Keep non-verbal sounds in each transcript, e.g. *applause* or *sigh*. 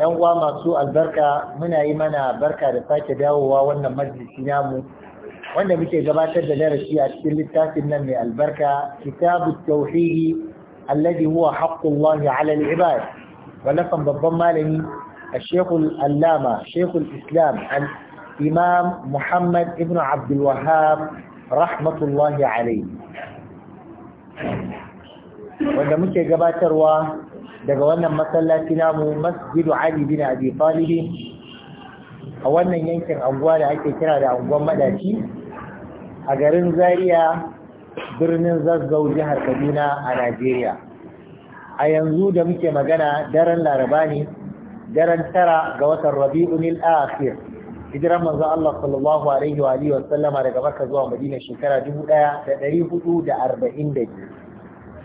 yan uwa masu albarka muna yi mana barka da sake dawowa wannan majalisi namu wanda muke gabatar da darasi a cikin littafin nan mai albarka kitabu tauhidi alladhi huwa haqqullahi ala al-ibad wallafan babban malami الشيخ الألامة شيخ الإسلام الإمام محمد ابن عبد الوهاب رحمة الله عليه wanda muke gabatarwa daga wannan masallaci namu masjidu Ali bin Abi Talib a wannan yankin anguwa da ake kira da anguwan madaci a garin Zaria birnin Zazzau jihar Kaduna a Najeriya a yanzu da muke magana daren Laraba ne daren tara ga watan Rabi'ul Akhir hijiran manzo Allah sallallahu alaihi wa alihi wa sallama daga Makka zuwa Madina shekara 1442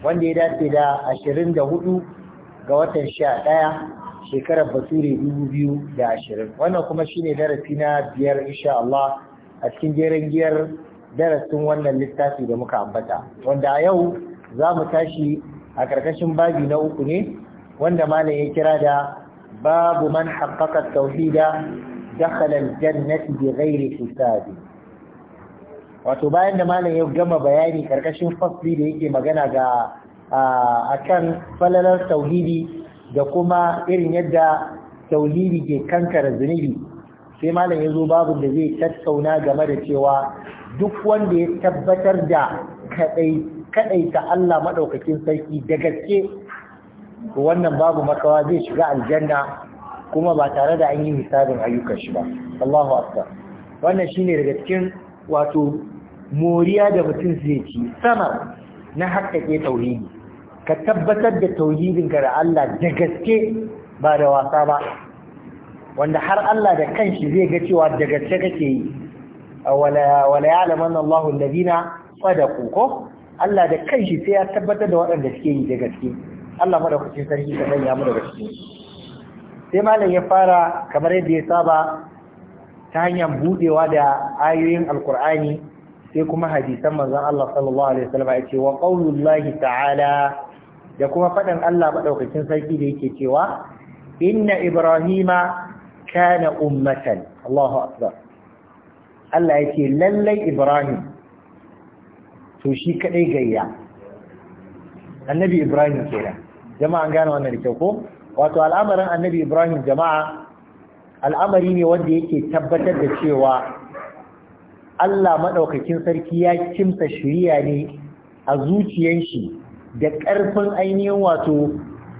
wanda ya dace da 24 ga watan sha ɗaya shekarar bature dubu biyu da ashirin wannan kuma shine darasi na biyar insha Allah a cikin jeren giyar darasin wannan littafi da muka ambata wanda a yau za mu tashi a ƙarƙashin babi na uku ne wanda malam ya kira da babu man haqqaqa tauhida dakhala al-jannati bighairi hisabi wato bayan da malam ya gama bayani ƙarƙashin fasli da yake magana ga a kan falalar tauhidi da kuma irin yadda tauhidi ke kankara zunubi sai malam ya zo babu da zai tattauna game da cewa duk wanda ya tabbatar da ta Allah maɗaukakin sarki da gaske wannan babu makawa zai shiga aljanna kuma ba tare da an yi hisabin ayyukan shi ba Allahu akbar wannan shine daga cikin wato moriya da mutum zai ci sama na haƙƙaƙe tauhidi ka tabbatar da tauhidinka da Allah da gaske ba da wasa ba wanda har Allah da kanshi zai ga cewa da gaske kake yi wala ya'lamu Allahu alladhina sadaqu ko Allah da kanshi sai ya tabbatar da waɗanda suke yi da gaske Allah kuce sarki ka sanya mu da gaske sai malam ya fara kamar yadda ya saba ta hanyar budewa da ayoyin alkur'ani sai kuma hadisan manzon Allah sallallahu alaihi wasallam ya ce wa qaulullahi ta'ala da kuma faɗin Allah maɗaukakin sarki da yake cewa inna ibrahima kana ummatan Allahu akbar Allah yake lallai ibrahim to shi kadai gayya annabi ibrahim kenan jama'a gane wannan da kyau ko wato al'amarin annabi ibrahim jama'a al'amari ne wanda yake tabbatar da cewa Allah maɗaukakin sarki ya kimsa shirya ne a zuciyan shi da ƙarfin ainihin wato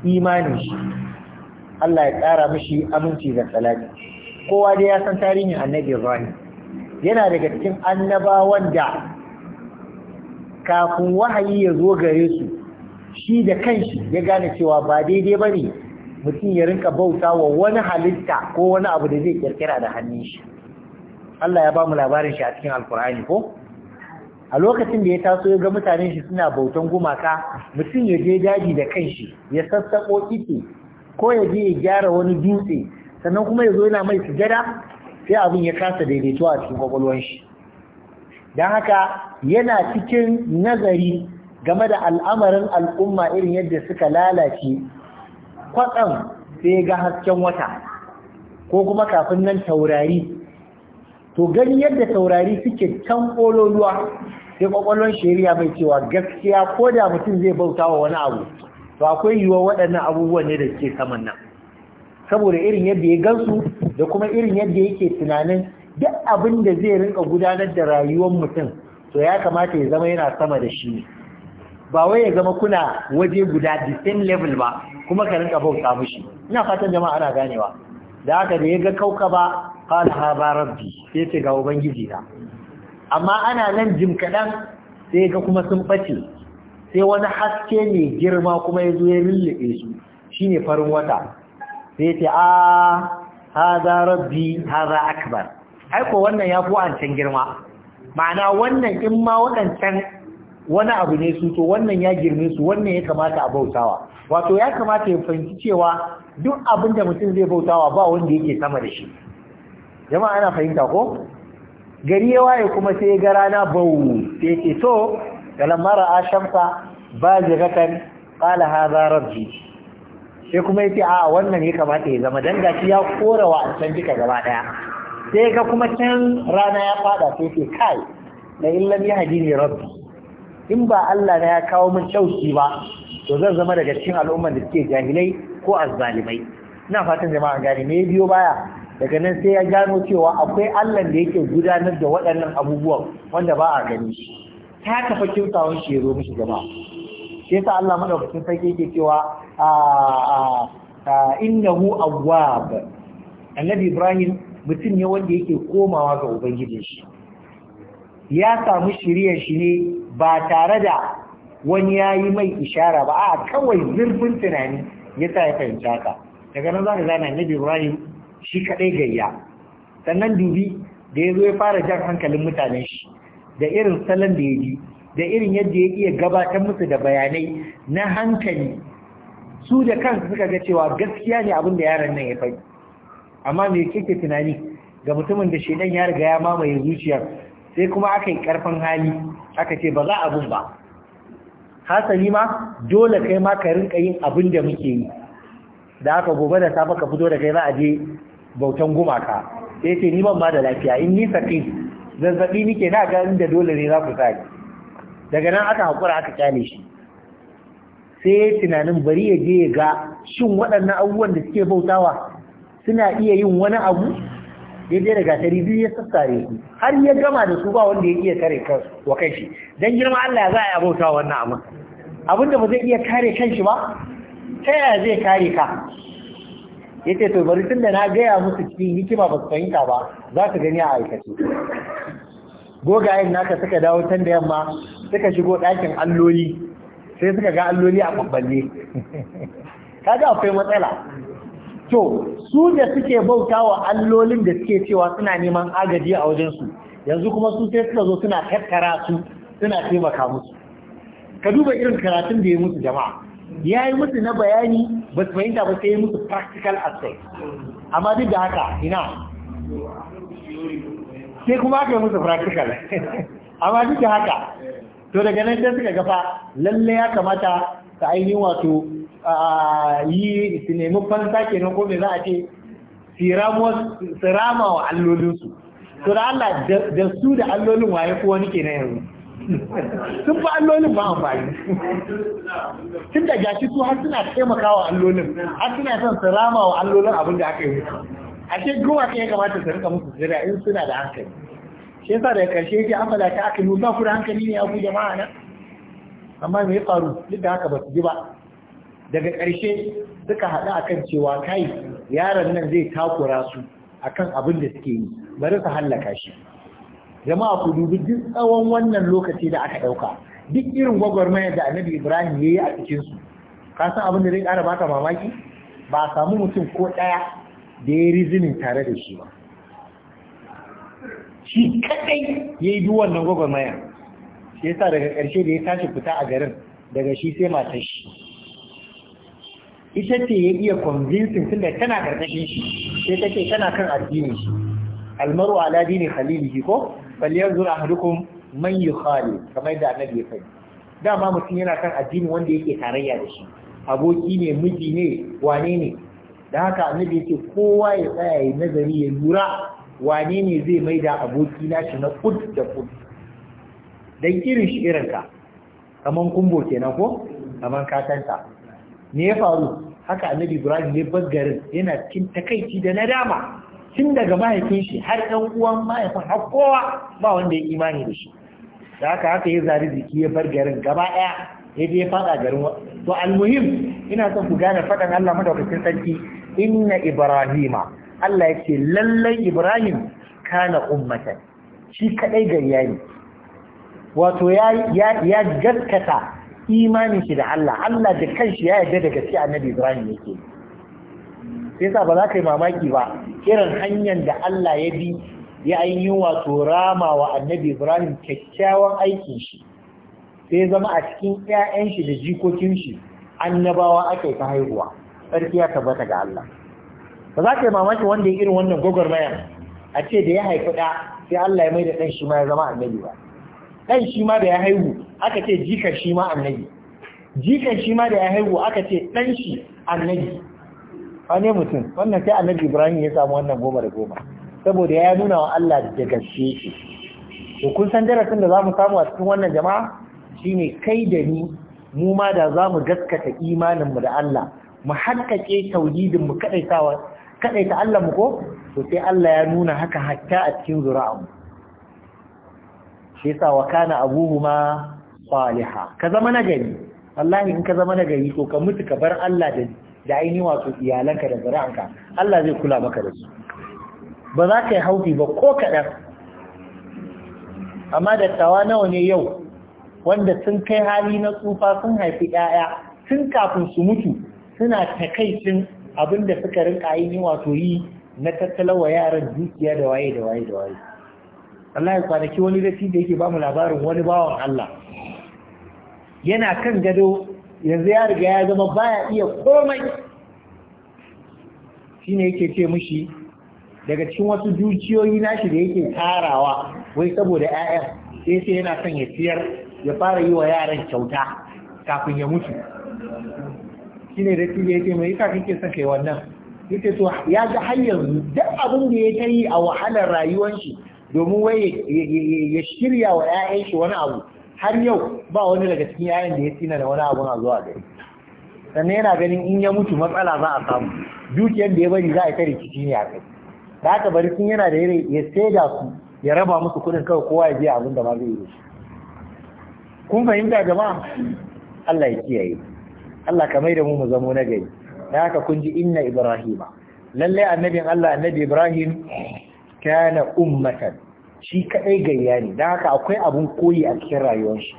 imani Allah ya ƙara mishi aminci da salati kowa dai ya san tarihin annabi Ibrahim yana daga cikin annabawan da kafin wahayi ya zo gare su shi da kanshi ya gane cewa ba daidai bane mutum ya rinka bauta wa wani halitta ko wani abu da zai kirkira da hannun shi Allah ya ba mu labarin shi a cikin alkur'ani ko a lokacin da ya taso ya ga mutanen shi suna bautan gumaka mutum ya je daji da kanshi ya sassaƙo ike ko ya je ya gyara wani dutse sannan kuma ya zo yana mai sujada sai abin ya kasa daidaito a cikin kwakwalwar shi don haka yana cikin nazari game da al'amarin al'umma irin yadda suka lalace kwatsam sai ya ga hasken wata ko kuma kafin nan taurari to gani yadda taurari suke can ƙololuwa sai ƙwaƙwalon shari'a mai cewa gaskiya ko da mutum zai bauta wa wani abu to akwai yiwuwa waɗannan abubuwan ne da suke saman nan saboda irin yadda ya gansu da kuma irin yadda yake tunanin duk abin da zai rinka gudanar da rayuwar mutum to ya kamata ya zama yana sama da shi ba wai ya zama kuna waje guda the same level ba kuma ka rinka bauta mushi ina fatan jama'a ana ganewa da haka da ya ga kauka ba qala hadha rabbi sai ce ga ubangiji na amma ana nan jim kadan sai ga kuma sun bace sai wani haske ne girma kuma ya zo ya lullube su shine farin wata sai ce a haza rabbi haza akbar aiko wannan ya fi wancan girma ma'ana wannan in ma waɗancan wani abu ne su to wannan ya girme su wannan ya kamata a bautawa wato ya kamata ya fahimci cewa duk abinda mutum zai bautawa ba wanda yake sama da shi jama'a ana fahimta ko gari ya waye kuma sai ga rana bau sai ce to mara a shamsa bazigatan qala hadha rabbi sai kuma yace a wannan ya kamata ya zama dan gashi ya kora wa san duka gaba daya sai ga kuma can rana ya fada sai ce kai la illam yahdini rabbi in ba Allah na ya kawo min shauki ba to zan zama daga cikin al'umman da suke jahilai ko azzalimai ina fatan jama'a gane me biyo baya daga nan sai ya gano cewa akwai Allah da yake gudanar da waɗannan abubuwan wanda ba a gani ta kafa kimtawan shi ya zo mishi gaba shi yasa Allah madaukakin sarki yake cewa a innahu awwab annabi Ibrahim mutum ne wanda yake komawa ga ubangijin shi ya samu shiriyar shi ne ba tare da wani yayi mai ishara ba a kawai zurfin tunani ya sa ya fahimta ka daga nan za ka gane annabi Ibrahim shi kaɗai gayya sannan dubi da ya zo ya fara jan hankalin mutanen shi da irin salon da ya bi da irin yadda ya iya gabatar musu da bayanai na hankali su da kansu suka ga cewa gaskiya ne abin da yaron nan ya fai amma me kike tunani ga mutumin da shedan ya riga ya mamaye zuciyar sai kuma aka yi karfin hali aka ce ba za abun ba hasali ma dole kai ma ka rinka yin abin da muke yi da aka gobe da safe ka fito da kai za a je bautan gumaka sai ce ni ban ba da lafiya in ni sakin zazzabi nike na ga inda dole ne za ku sa daga nan aka hakura aka kyale shi sai tunanin bari ya je ya ga shin waɗannan abubuwan da suke bautawa suna iya yin wani abu ya je daga tari biyu ya sassare su har ya gama da su ba wanda ya iya kare wa kai shi dan girma Allah za a yi bautawa wannan abin abinda ba zai iya kare kanshi ba ta yaya zai kare ka yace to bari tun da na gaya musu cikin hikima ba su fahimta ba za ka gani a aikace gogayen naka suka dawo can da yamma suka shigo ɗakin alloli sai suka ga alloli a babballe *laughs* kaga akwai matsala to su da suke bauta wa allolin da suke cewa suna neman agaji a wajen su, yanzu kuma su sai suka zo suna tattara su suna taimaka musu ka duba irin karatun da ya musu jama'a ya yi musu na bayani ba su fahimta ba sai yi musu practical aspect amma duk da haka ina sai kuma aka yi musu practical *laughs* amma duk da haka to daga nan sai suka gafa lalle ya kamata ta ainihin wato yi su nemi fansa kenan ko me za a ce su rama wa allolinsu to da Allah da su da allolin waye ko wani kenan yanzu sun fi allolin ba amfani tun da gashi su har suna taimakawa allolin har suna son su rama wa allolin abin da aka yi musu a ce gowa ka ya kamata su rika musu jira in suna da hankali shi yasa daga karshe yake amala ta aka yi ba kuma hankali ne abu jama'a nan amma me ya faru duk da haka ba su ji ba daga karshe suka haɗu akan cewa kai yaron nan zai takura su akan abin da suke yi bari su hallaka shi jama'a ku dubi duk tsawon wannan lokaci da aka ɗauka duk irin gwagwarmayar da annabi ibrahim ya yi a cikinsu ka san abin da zai ƙara baka mamaki ba a samu mutum ko ɗaya da ya rizinin tare da shi ba shi kaɗai ya yi duk wannan gwagwarmayar shi yasa daga ƙarshe da ya tashi fita a garin daga shi sai matar shi ita ce ya iya convincing tunda tana karkashin shi sai take tana kan addinin shi almaru ala dini khalilihi ko falyanzu ahadukum man yukhali kamar da annabi ya faɗi dama mutum yana kan addini wanda yake tarayya da shi aboki ne miji ne wane ne da haka annabi yake kowa ya tsaya ya nazari ya lura wane ne zai mai da aboki na shi na kud da kud dan irin shi irin ka kaman kumbo kenan ko kamar katanta me ya faru haka annabi ibrahim ne bagarin yana cin takaici da nadama tun daga mahaifin shi har ɗan uwan mahaifin har kowa ba wanda ya yi imani da shi da haka haka ya zari jiki ya bar garin gaba ɗaya ya je ya faɗa garin to almuhim ina son ku gane faɗan Allah madaukakin sarki inna ibrahima Allah ya ce lallai ibrahim kana ummata. shi kadai gari ne. wato ya ya gaskata imanin shi da Allah Allah da kanshi ya yarda da gaskiya annabi ibrahim yake yi sai sa ba za ka yi mamaki ba irin hanyar da Allah ya bi ya yi wato rama wa annabi Ibrahim kyakkyawan aikin shi sai zama a cikin ƴaƴan shi da jikokin shi annabawa aka yi ta haihuwa sarki ya tabbata ga Allah ba za ka yi mamaki wanda ya irin wannan gwagwarmayar a ce da ya haifi ɗa sai Allah ya mai da ɗan shi ma ya zama annabi ba ɗan shi ma da ya haihu aka ce jikar shi ma annabi jikar shi ma da ya haihu aka ce ɗan shi annabi wane mutum wannan sai annabi ibrahim ya samu wannan goma da goma saboda ya nuna wa Allah da gaske shi to kun san darasin da zamu samu a cikin wannan jama'a shine kai da ni mu ma da zamu gaskata imanin mu da Allah mu hakkake tauhidin mu kadaitawa kadaita Allah mu ko to sai Allah ya nuna haka hatta a cikin mu. shi yasa wa kana abuhuma saliha ka zama nagari wallahi in ka zama nagari to ka mutu ka bar Allah da da ainihin wato iyalanka da zuri'anka Allah zai kula maka da su ba za ka yi haufi ba ko kaɗan amma dattawa nawa ne yau wanda sun kai hali na tsufa sun haifi ɗaya sun kafin su mutu suna takaicin abin da suka rinka ainihin wato yi na tattalawa yaran dukiya da waye da waye da waye Allah ya kwanaki wani rafi da yake ba mu labarin wani bawan Allah yana kan gado yanzu ya riga ya zama baya iya komai Shi ne yake ce mushi daga cikin wasu dukiyoyi nashi da yake tarawa wai saboda 'ya'yan sai sai yana son ya siyar ya fara yi wa yaran kyauta kafin ya mutu Shi ne da tije yake mai yaka kake son kai wannan yake to ya ga har yanzu duk abin da ya ta yi a wahalar rayuwar shi domin wai ya shirya wa 'ya'yan shi wani abu har yau ba wani daga cikin yayin da ya tsina da wani abun a zuwa gari sannan yana ganin in ya mutu matsala za a samu dukiyar da ya bari za a ta rikici ne a kai da aka bari sun yana da ya da su ya raba musu kuɗin kawai kowa ya biya abin da ma zai yi kun fahimta jama'a Allah ya kiyaye Allah ka maida mu mu zamo na gari da haka kun ji inna ibrahima lalle annabin Allah annabi ibrahim kana ummatan shi kaɗai gayya ne don haka akwai abun koyi a cikin rayuwar shi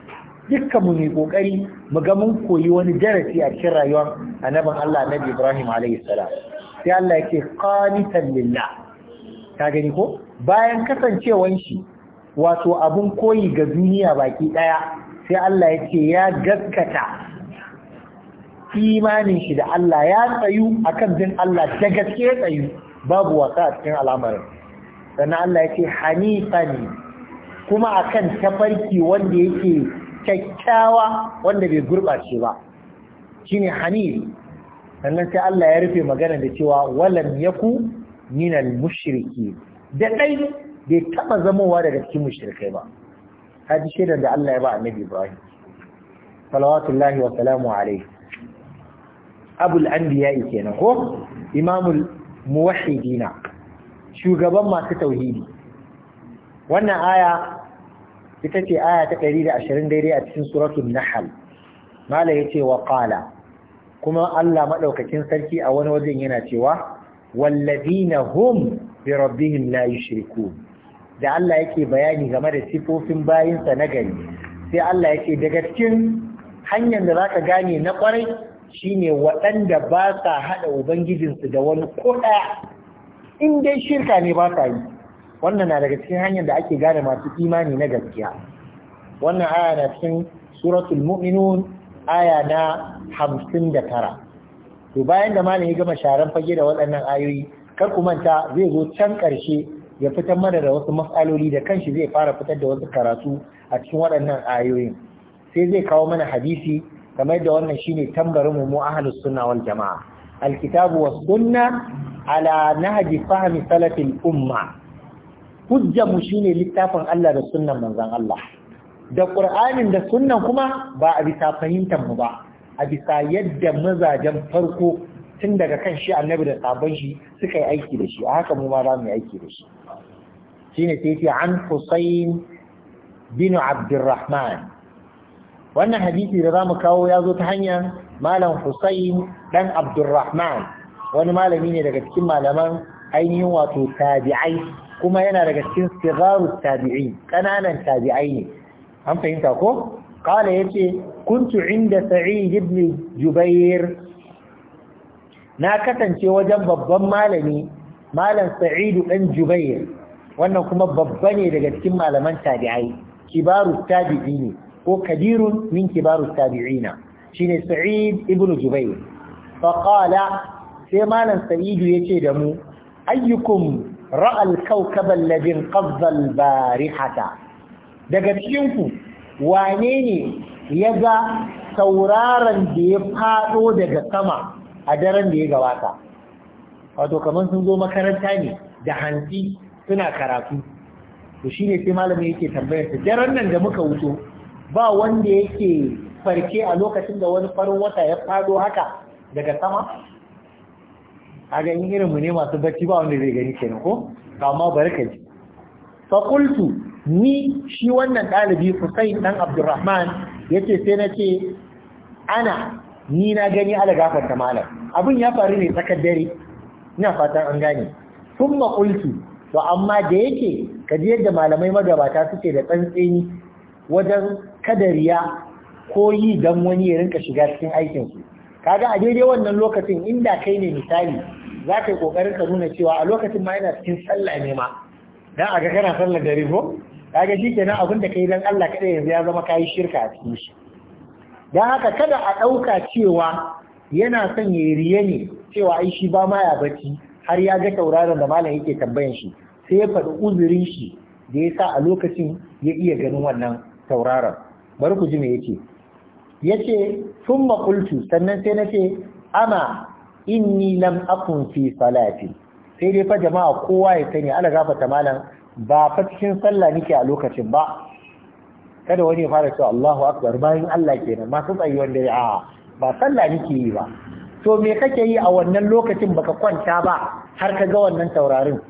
dukkan mu mai kokari mu ga mun koyi wani darasi a cikin rayuwar annabin Allah annabi Ibrahim alaihi salam sai Allah yake qanitan lillah ka gani ko bayan kasancewan shi wato abun koyi ga duniya baki ɗaya, sai Allah yake ya gaskata imanin shi da Allah ya tsayu akan din Allah da gaske tsayu babu wasa a cikin al'amarin sannan Allah ya ce hanifan kuma akan tafarki wanda yake kyakkyawa wanda bai gurɓace ba shine hanif sannan sai Allah ya rufe magana da cewa walam yaku minal mushriki da dai bai taba zamowa daga cikin mushrikai ba hadi shedan da Allah ya ba annabi Ibrahim salawatullahi wa salamu alaihi abul anbiya kenan ko imamul muwahhidina shugaban masu tauhidi wannan aya ita ce aya ta 120 daidai a cikin suratul nahl mala yace wa qala kuma Allah madaukakin sarki a wani wajen yana cewa wallazina hum bi rabbihim la yushrikun da Allah yake bayani game da sifofin bayinsa na gari sai Allah yake daga cikin hanyar da zaka gane na kwarai shine waɗanda ba sa hada ubangijinsu da wani ko ɗaya in dai shirka ne ba sa yi wannan na daga cikin hanyar da ake gane masu imani na gaskiya wannan aya na cikin suratul mu'minun aya na hamsin da tara to bayan da malam ya gama sharan fage da waɗannan ayoyi kar ku manta zai zo can ƙarshe ya fitar mana da wasu matsaloli da kanshi zai fara fitar da wasu karatu a cikin waɗannan ayoyin sai zai kawo mana hadisi kamar da wannan shine tambarin mu mu ahlus sunna wal jama'a alkitabu was sunna ala nahji fahmi umma hujja mu shine littafin Allah da sunnan manzon Allah da ƙur'ani da sunnan kuma ba a bisa fahimtar mu ba a bisa yadda mazajen farko tun daga kan shi annabi da sabon shi suka yi aiki da shi a haka mu ma za mu yi aiki da shi shine sai ce an Husayn bin Abdurrahman wannan hadisi da zamu kawo ya zo ta hanyar malam Husayn dan Abdulrahman, wani malami ne daga cikin malaman ainihin wato tabi'ai kuma yana daga cikin sigarun tabi'i kananan tabi'ai ne an fahimta ko قال يتي kuntu inda sa'id ibn jubair na kasance wajen babban malami malam Sa'id dan Jubair wannan kuma babba ne daga cikin malaman tabi'ai kibaru tabi'i ne ko kadirun min kibaru tabi'ina shine Sa'id ibn Jubayr fa qala sai malam Sa'id yace da mu ayyukum ra'a al-kawkab alladhi qadda al-barihata daga cikin ku wane ne ya ga tauraron da ya fado daga sama a daren da ya gabata wato kamar sun zo makaranta ne da hanti suna karatu to shine sai malami yake tambayar ta daren nan da muka wuto ba wanda yake farke a lokacin da wani farin wata ya fado haka daga sama a ganin irin ne masu bacci ba wanda zai gani kenan ko amma bari ka ji fa ni shi wannan ɗalibi Husayn dan Abdurrahman ce sai na ce ana ni na gani ala ta malam abin ya faru ne tsakar dare ina fatan an gane sun maƙultu to amma da yake kaji yadda malamai magabata suke da tsantseni wajen kadariya ko yi don wani ya rinka shiga cikin aikinsu kaga a daidai wannan lokacin inda kai ne misali za ka yi ƙoƙarin ka nuna cewa a lokacin ma yana cikin sallah ne ma dan a ga kana sallar dare ko kaga shi kenan abin da kai dan Allah kaɗai yanzu ya zama kayi shirka a cikin shi dan haka kada a ɗauka cewa yana son ya riye ne cewa ai shi ba ma ya bacci har ya ga tauraron da malam yake tambayan shi sai ya faɗi uzurin shi da ya sa a lokacin ya iya ganin wannan tauraron bari ku ji me yake yace thumma qultu sannan sai nace ana inni lam akun fi salati sai dai fa jama'a kowa ya sani ala gafata malam ba fa cikin sallah nake a lokacin ba kada wani ya fara cewa Allahu akbar bayan Allah kenan masu tsayuwar dare a ba sallah nake yi ba to me kake yi a wannan lokacin baka kwanta ba har ka ga wannan taurarin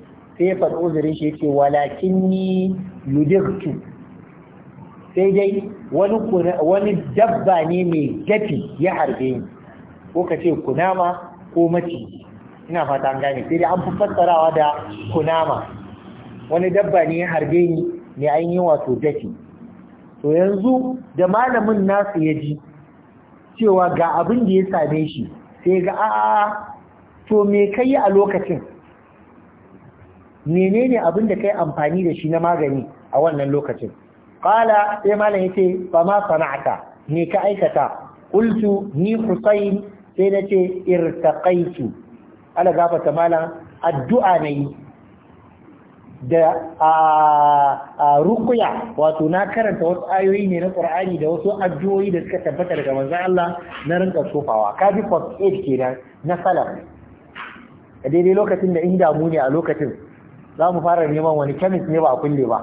sai fa uzurin shi yake walakinni yudirtu sai dai wani dabba ne mai gafi ya harbe ni ko ka ce kunama ko maci, ina fata an gane sai dai an fi fassarawa da kunama wani dabba ne ya harbe ni ne an yi wato gafi to yanzu da malamin nasu ya ji cewa ga abin da ya same shi sai ga a'a to me kai a lokacin menene abin da kai amfani da shi na magani a wannan lokacin Kala sai malam yace "Ba ma sana'ata me ka aikata kultu ni husayn sai na nace irtaqaitu ala gafata malam addu'a na yi da a rukuya wato na karanta wasu ayoyi ne na qur'ani da wasu addu'o'i da suka tabbata daga manzon Allah na rinka sofawa kaji 48 kenan na a daidai lokacin da in damu ne a lokacin za mu fara neman wani kemis ne ba a kulle ba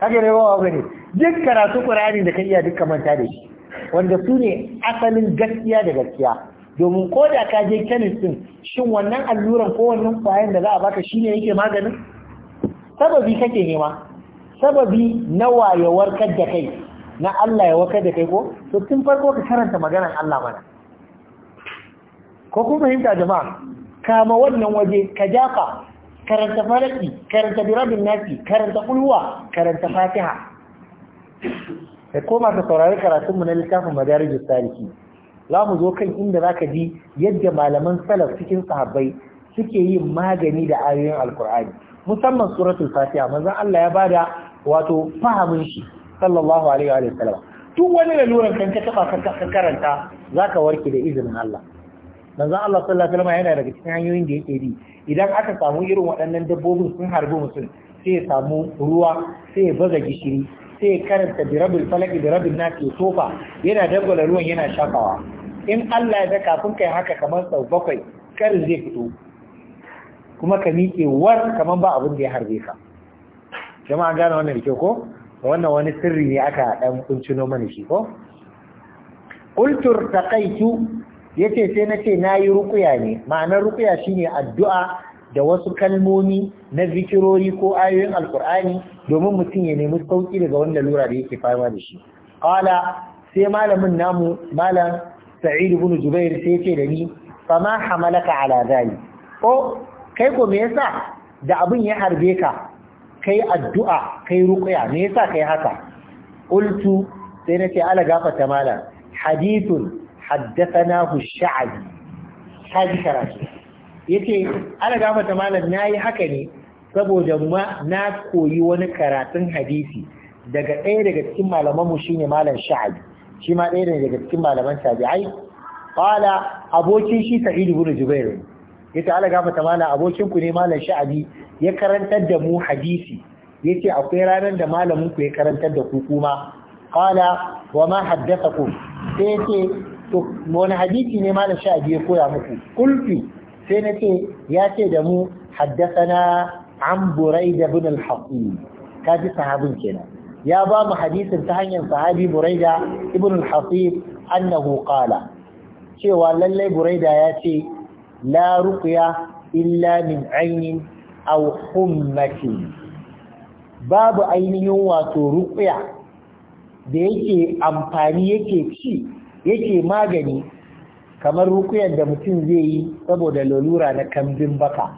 haka ne ba bane duk karatu qur'ani da ka iya duk manta da shi wanda su ne asalin gaskiya da gaskiya domin ko da ka je kemis din shin wannan alluran ko wannan kwayan da za a baka shine yake maganin sababi kake nema sababi na wayewar kar da kai na Allah ya wakar da kai ko to tun farko ka karanta maganar Allah mana ko kun fahimta jama'a kama wannan waje ka jafa. karanta falaki karanta birabin nasi karanta kulwa karanta fatiha da koma ka saurari karatunmu na littafin madarijin saliki za mu zo kan inda za ka ji yadda malaman salaf cikin sahabbai suke yin magani da ayoyin alkur'ani musamman suratul fatiha manzon Allah ya bada wato fahimin shi sallallahu alaihi wa sallam duk wani laluran kan ka taba ka karanta zaka warke da izinin Allah manzon Allah sallallahu alaihi wasallam yana daga cikin hanyoyin da yake bi idan aka samu irin waɗannan dabbobin sun harbi mutum sai ya samu ruwa sai ya baza gishiri sai ya karanta birabil falaki birabil na ke tofa yana dangwala ruwan yana shakawa in Allah ya ga kafin kai haka kamar sau bakwai karin zai fito kuma ka miƙe war kamar ba abin da ya harbe ka jama'a gane wannan rike ko wannan wani sirri ne aka dan kuncino mana shi ko qultu irtaqaitu yace sai nace yi rukuya ne ma'anar ruqya shine addu'a da wasu kalmomi na zikirori ko ayoyin alkur'ani domin mutum ya nemi sauki daga wannan lura da yake fama da shi qala sai malamin namu malam sa'id ibn jubair sai yace da ni fa ma hamalaka ala zali ko kai ko me yasa da abin ya harbe ka kai addu'a kai rukuya me yasa kai haka qultu sai nace ala gafata malam hadithun haddathanahu sha'abi ta ji karatu yace ana ga mata malam nayi haka ne saboda ma na koyi wani karatun hadisi daga ɗaya daga cikin malaman mu shine malam sha'abi shi ma ɗaya ne daga cikin malaman tabi'ai qala abokin shi sa'id ibn jubair yace ala ga mata malam abokin ku ne malam sha'abi ya karantar da mu hadisi yace akwai ranar da malamin ku ya karantar da ku kuma qala wa ma haddathakum sai yace to wani hadisi ne malam sha biyu koya muku kulfi sai na ce ya ce da mu haddasana an burai da bin al ka kaji sahabin kenan ya ba mu hadisin ta hanyar sahabi buraida ibn al annahu qala cewa lallai buraida ya ce la ruqya illa min aynin aw hummati babu ainihin wato ruqya da yake amfani yake ci yake magani kamar rukuyar da mutum zai yi saboda lalura na kambin baka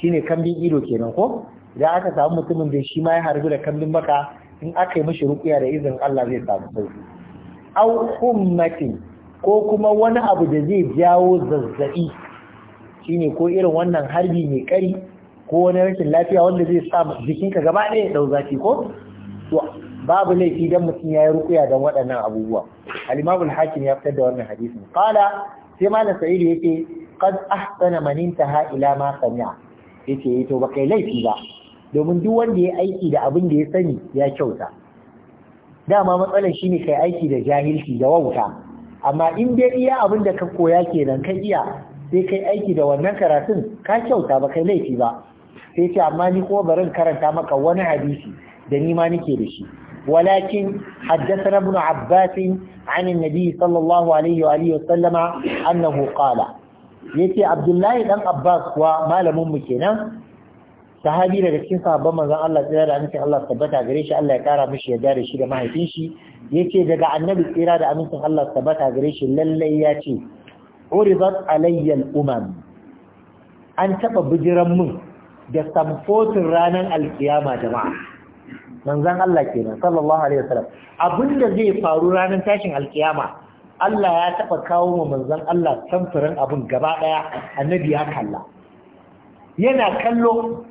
Shi ne kambin ido kenan ko idan aka samu mutumin da shi ma ya harbi da kambin baka in aka yi mashi rukuya da izin Allah zai samu sauki au hummatin ko kuma wani abu da zai jawo zazzabi shine ko irin wannan harbi mai kari ko wani rashin lafiya wanda zai sa jikinka gaba ɗaya ya dau zafi ko babu laifi dan mutum ya yi rukuya don waɗannan abubuwa al-imamul hakim ya fitar da wannan hadisin qala sai malam sa'idu yake qad ahsana man intaha ila ma sami'a yace eh to ba kai laifi ba domin duk wanda ya aiki da abin da ya sani ya kyauta dama matsalar shine kai aiki da jahilci da wauta amma in dai iya abin da ka koya kenan kai iya sai kai aiki da wannan karatun ka kyauta ba kai laifi ba sai ce amma ni ko barin karanta maka wani hadisi da ni ma nake da shi ولكن حدثنا ابن عباس عن النبي صلى الله عليه وآله وسلم أنه قال يتي عبد الله بن عباس وما لم sahabi daga cikin sahabban manzon Allah tsira da amincin Allah tabbata gare shi Allah ya kara mishi ya dare shi da mahaifin shi yace daga annabi tsira da amincin Allah tabbata gare shi lallai ya ce uridat alayya an taba bijiran mun da samfotin ranar alkiyama jama'a manzan Allah kenan sallallahu alaihi wasallam abinda zai faru ranar tashin alkiyama Allah ya taɓa kawo mu manzan Allah samfurin abin gaba daya annabi ya kalla yana kallo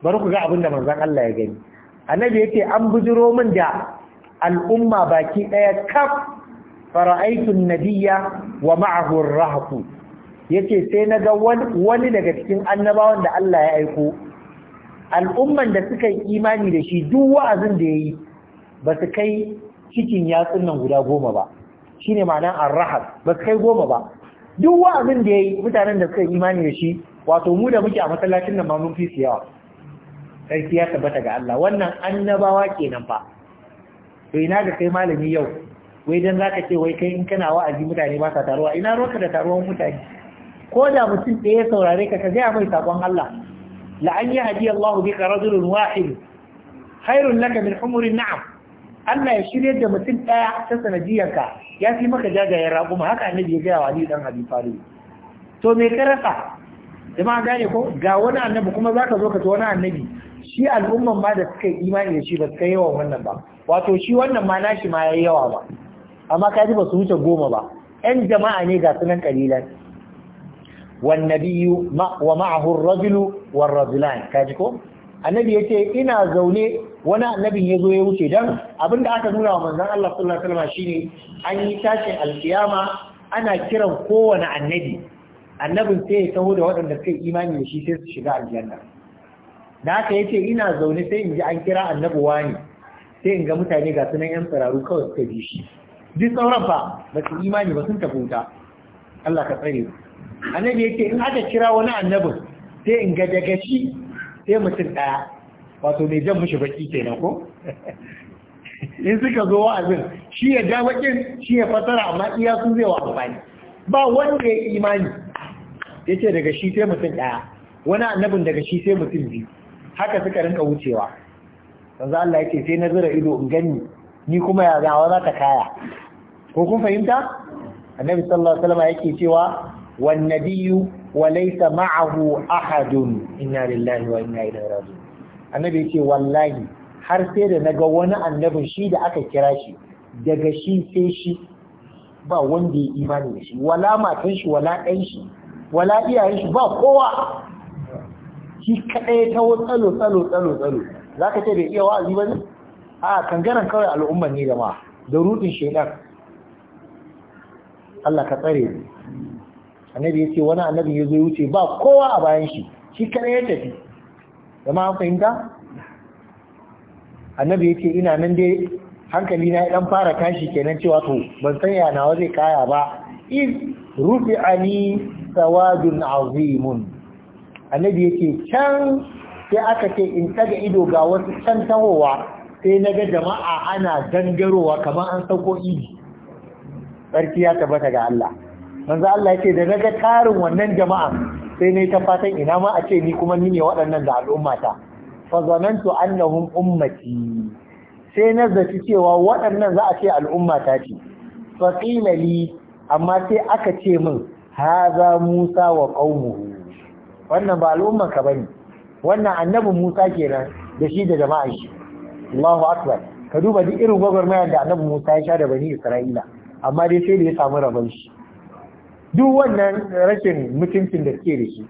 bari ku ga abin da manzan Allah ya gani annabi yace an bujiro min da al'umma baki ɗaya kaf fara'aitu nabiyya wa ma'ahu ar-rahq yace sai ga wani daga cikin annabawan da Allah ya aiko al'umman da suka yi imani da shi duk wa'azin da ya yi ba su kai cikin yatsun nan guda goma ba shine ne ma'anar arrahar ba su kai goma ba duk wa'azin da ya yi mutanen da suka yi imani da shi wato mu da muke a masallacin nan ma mun fi su yawa sarki ya tabbata ga Allah wannan annabawa kenan fa to ina ga kai malami yau wai dan zaka ce wai kai in kana wa'azi mutane ba sa taruwa ina roka da taruwan mutane ko da mutum ɗaya ya saurare ka ka gaya mai sakon Allah la'an yi hadiya Allah bika rajulun wahid khairun laka min humurin na'am Allah ya shirya da mutum ɗaya ta sanadiyarka ya fi maka jajayen raguma. haka annabi ya gaya wa Ali dan Abi to me ka rasa jama'a gane ko ga wani annabi kuma zaka zo ka ta wani annabi shi al'umman ma da suka yi imani da shi ba suka yawan wannan ba wato shi wannan ma nashi ma yayi yawa ba amma ka ji ba su wuce goma ba 'yan jama'a ne ga sunan kalilan wan nabiyyu wa ma'ahu ar-rajulu war rajulan kaji ko annabi yace ina zaune wani Annabi ya zo ya wuce dan abinda aka nuna wa manzon Allah sallallahu alaihi wasallam shine an yi tashin alkiyama ana kiran kowane annabi annabin sai ya taho da waɗanda suka imani da shi sai su shiga aljanna da haka yace ina zaune sai in ji an kira annabi wani sai in ga mutane ga sunan yan tsararu kawai suka bi shi duk sauran fa ba su imani ba sun tafi Allah ka tsare mu annabi yake in aka kira wani annabin sai in ga daga shi sai mutum ɗaya wato mai jan mushi baki kenan ko in suka zo wa abin shi ya ja bakin shi ya fasara amma iya sun zai wa amfani ba wanda ya imani yace daga shi sai mutum ɗaya wani annabin daga shi sai mutum biyu haka suka rinka wucewa Sanzu Allah yake sai nazara ido in gani ni kuma ya zawa za ta kaya ko kun fahimta annabi sallallahu alaihi wasallam yake cewa wan nabiyyu wa laysa ma'ahu ahadun inna lillahi wa inna ilaihi raji'un annabi yace wallahi har sai da naga wani annabin shi da aka kira shi daga shi sai shi ba wanda ya imani da shi wala matan shi wala ɗan shi wala iyayen shi ba kowa shi kaɗai ta tsalo tsalo tsalo tsalo Za ka ce bai iya wa'azi ba ne a kangaren kawai al'umman ne da ma da rudin shedan Allah ka tsare ni annabi yace wani annabi ya zo wuce ba kowa a bayan shi shi kare ya tafi zama an fahimta annabi yace ina nan dai hankali na dan fara kashi kenan cewa to ban san ya nawa zai kaya ba iz rufi'ani sawadun mun. annabi yace can sai aka ce in taga ido ga wasu can tahowa sai na ga jama'a ana dangarowa kamar an sauko idi sarki ya tabbata ga Allah manzo Allah ya ce da naga tarin wannan jama'a sai ne ta fatan ina ma a ce ni kuma ni ne waɗannan da al'ummata fa zanantu annahum ummati sai na zaci cewa waɗannan za a ce al'umma ta ce fa qila li amma sai aka ce min haza Musa wa qaumuhu wannan ba al'umma ka bane wannan annabi Musa kenan da shi da jama'a shi Allahu akbar ka duba duk irin gwagwarmayar da annabi Musa ya sha da bani Isra'ila amma dai sai da ya samu rabon shi duk wannan rashin mutuncin da suke da shi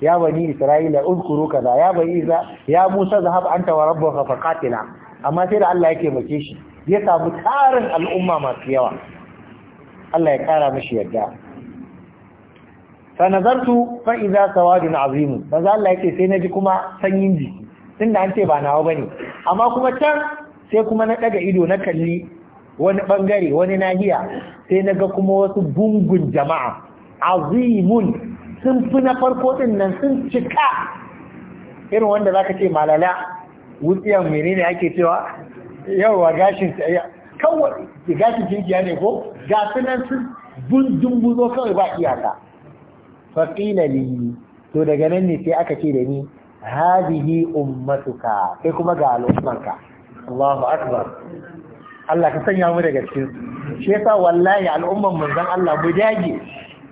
ya bani isra'ila uzkuru kaza ya bani isa ya musa zahab anta wa rabbuka qatila amma sai da Allah yake mace shi ya samu tarin al'umma masu yawa Allah ya kara mishi yadda fa nazartu fa idza sawadun azim maza Allah yake sai naji kuma sanyin jiki tunda an ce ba nawa bane amma kuma can sai kuma na daga ido na kalli wani bangare wani nahiya sai na ga kuma wasu bungun jama'a azimun sun fi na farko din nan sun cika irin wanda zaka ce malala wutsiyan menene ake cewa yawa gashin kawai gashin jinkiya ne ko gasu nan sun bundun buzo kawai ba iyaka faƙila li to daga nan ne sai aka ce da ni hadihi ummatuka sai kuma ga al'ummarka Allahu akbar Allah ka sanya mu daga cikin shi yasa wallahi al'umman manzon Allah mu dage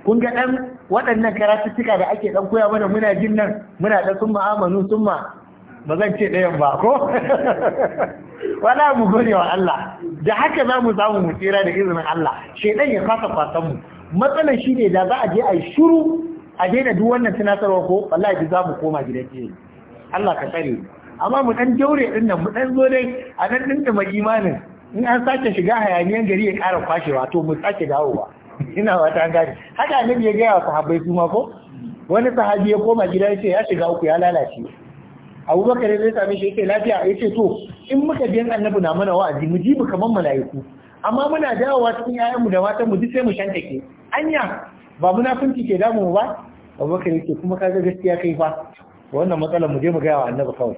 kun ga dan waɗannan karatuttuka da ake dan koya mana muna jin nan muna da sun ma'amanu sun ma ba zan ce ɗayan ba ko *laughs* wala mu gode wa Allah da haka za mu samu mu tsira da izinin Allah shedan ya fasa kwasan mu matsalan shi ne da za a je a yi shuru a daina duk wannan tunatarwa ko wallahi za mu koma gidan jiya Allah ka tsare amma mu dan jaure din nan mu dan zo dai a dan dinka imanin in an sake shiga hayaniyar gari ya ƙara kwashewa to mu sake dawowa ina wata an gari haka annabi ya gaya wa sahabbai su ma ko wani sahabi ya koma gida ya ce ya shiga uku ya lalace abubakar ya same shi ya ce lafiya ya ce to in muka biyan annabi na mana wa'azi mu jibi kamar mala'iku amma muna dawowa cikin ƴaƴanmu da matan mu duk sai mu shantake anya ba munafunci ke damu ba abubakar ce kuma kaga gaskiya kai fa wannan matsalar mu je mu gaya wa annabi kawai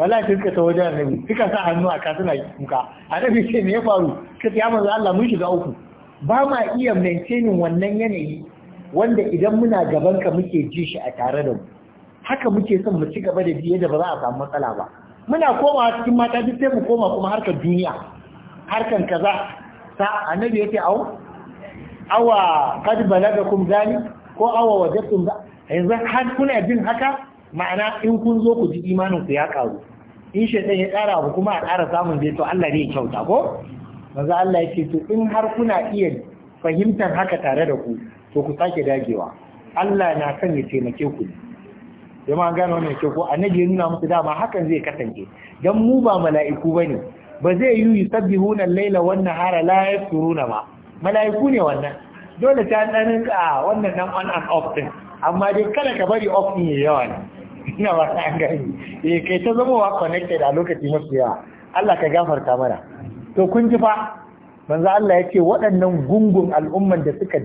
wala sai suka ta wajen annabi suka sa hannu a ka suna kuka annabi ce me ya faru suka ya manzo Allah mun shiga uku ba ma iya maintaining wannan yanayi wanda idan muna gaban ka muke ji shi a tare da mu haka muke son mu ci gaba da biye da ba za a samu matsala ba muna komawa cikin mata duk sai mu koma kuma harkar duniya harkar kaza sa annabi yake au awa kad balagakum zalik ko awa wajadtum yanzu har kuna jin haka ma'ana in kun zo ku ji imanin ku ya karu in shaitan ya ƙara abu kuma a ƙara samun zai to Allah ne ya kyauta ko maza Allah ya ce to in har kuna iya fahimtar haka tare da ku to ku sake dagewa Allah na kan ya taimake ku jama an gano ne ke ko annabi ya nuna musu dama hakan zai kasance dan mu ba mala'iku bane ba zai yi yusabbihuna al-laila wan nahara la yasuruna ma. mala'iku ne wannan dole ta dan a wannan dan on and off din amma dai kada ka bari off din yawa ne ina ba ta gani eh kai ta zama wa connected a lokaci mafi yawa Allah ka gafarta mana to kun ji fa manzo Allah ya ce waɗannan gungun al'umman da suka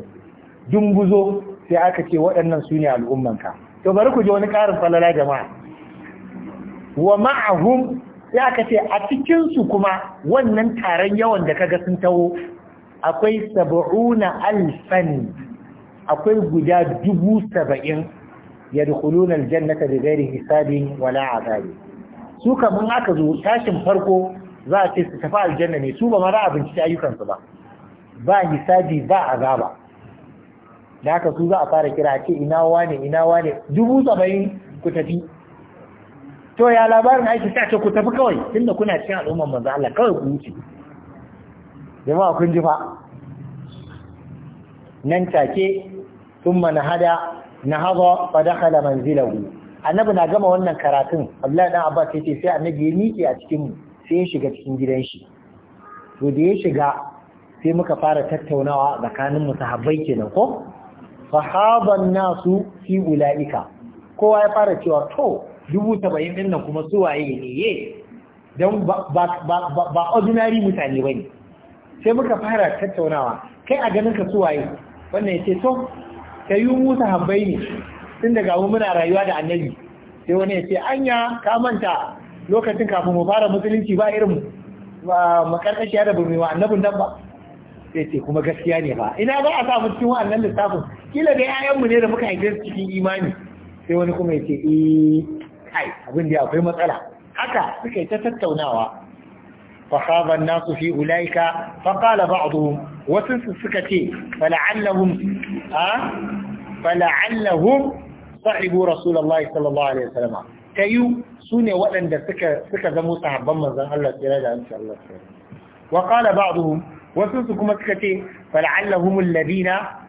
dunguzo sai aka ce waɗannan su ne al'ummanka to bari ku ji wani ƙarin falala jama'a wa ma'ahum sai aka ce a cikinsu kuma wannan taron yawan da kaga sun taho akwai saba'una alfan akwai guda dubu saba'in يدخلون الجنة بغير حساب ولا عذاب su kamun aka zo tashin farko za a ce su tafi aljanna ne su ba ma za a ayyukansu ba ba hisabi ba azaba da haka su za a fara kira a ce ina wane ina wane dubu saba'in ku tafi to ya labarin aiki ta ce ku tafi kawai tunda kuna cikin al'umman manzo Allah kawai ku wuce jama'a kun ji fa nan take sun mana hada nahadha fa dakhala manzilahu annabi na gama wannan karatun Abdullahi dan Abbas ce sai annabi ya miƙe a cikin mu sai ya shiga cikin gidan shi to da ya shiga sai muka fara tattaunawa tsakanin mu sahabbai kenan ko sahaban nasu fi ulaika kowa ya fara cewa to dubu saba'in din nan kuma su waye ne ye don ba ordinary mutane bane sai muka fara tattaunawa kai a ganin ka su waye wannan ya to ka yi mu sahabbai ne tun daga mu muna rayuwa da annabi sai wani ya ce anya ka manta lokacin kafin mu fara musulunci ba irin makarkashiya da burmi wa annabin nan ba sai ce kuma gaskiya ne ba ina ba a sa mu cikin wa'annan lissafin kila da yayanmu ne da muka haife su cikin imani sai wani kuma ya ce eh kai abin da akwai matsala haka suka yi ta tattaunawa فخاض الناس في أولئك فقال بعضهم وسنس سكتي فلعلهم آه fala'allahum sahibu rasulullahi sallallahu alaihi wasallam kayu sune waɗanda suka suka zama sahabban manzon Allah kira da insha Allah wa qala ba'dhum wasu su kuma suka ce fala'allahum alladhina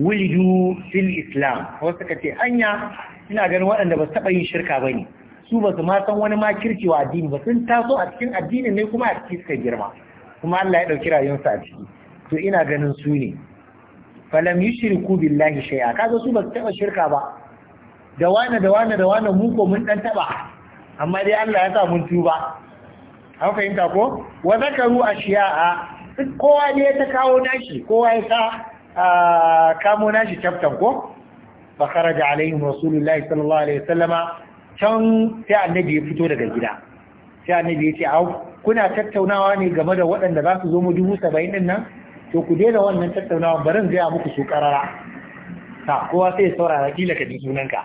wulidu fil islam wasu suka ce anya ina ganin waɗanda ba su taɓa yin shirka bane su ba su ma san wani ma kirkiwa addini ba sun taso a cikin addinin ne kuma a cikin suka girma kuma Allah ya ɗauki rayuwarsa a ciki to ina ganin su ne falam yushriku billahi shay'a kaga su ba su taba shirka ba da wani da wani da wani mu ko mun dan taba amma dai Allah ya sa mun tuba an fahimta ko wa zakaru ashiya'a kowa ne ya ta kawo nashi kowa ya sa kamo nashi chapter ko fa kharaja alaihim rasulullahi sallallahu alaihi wasallama can sai annabi ya fito daga gida sai annabi ya ce au kuna tattaunawa ne game da waɗanda za su zo mu dubu saba'in din nan to ku daina wannan tattaunawa barin gaya muku su karara ta kowa sai saurara kila ka jin sunanka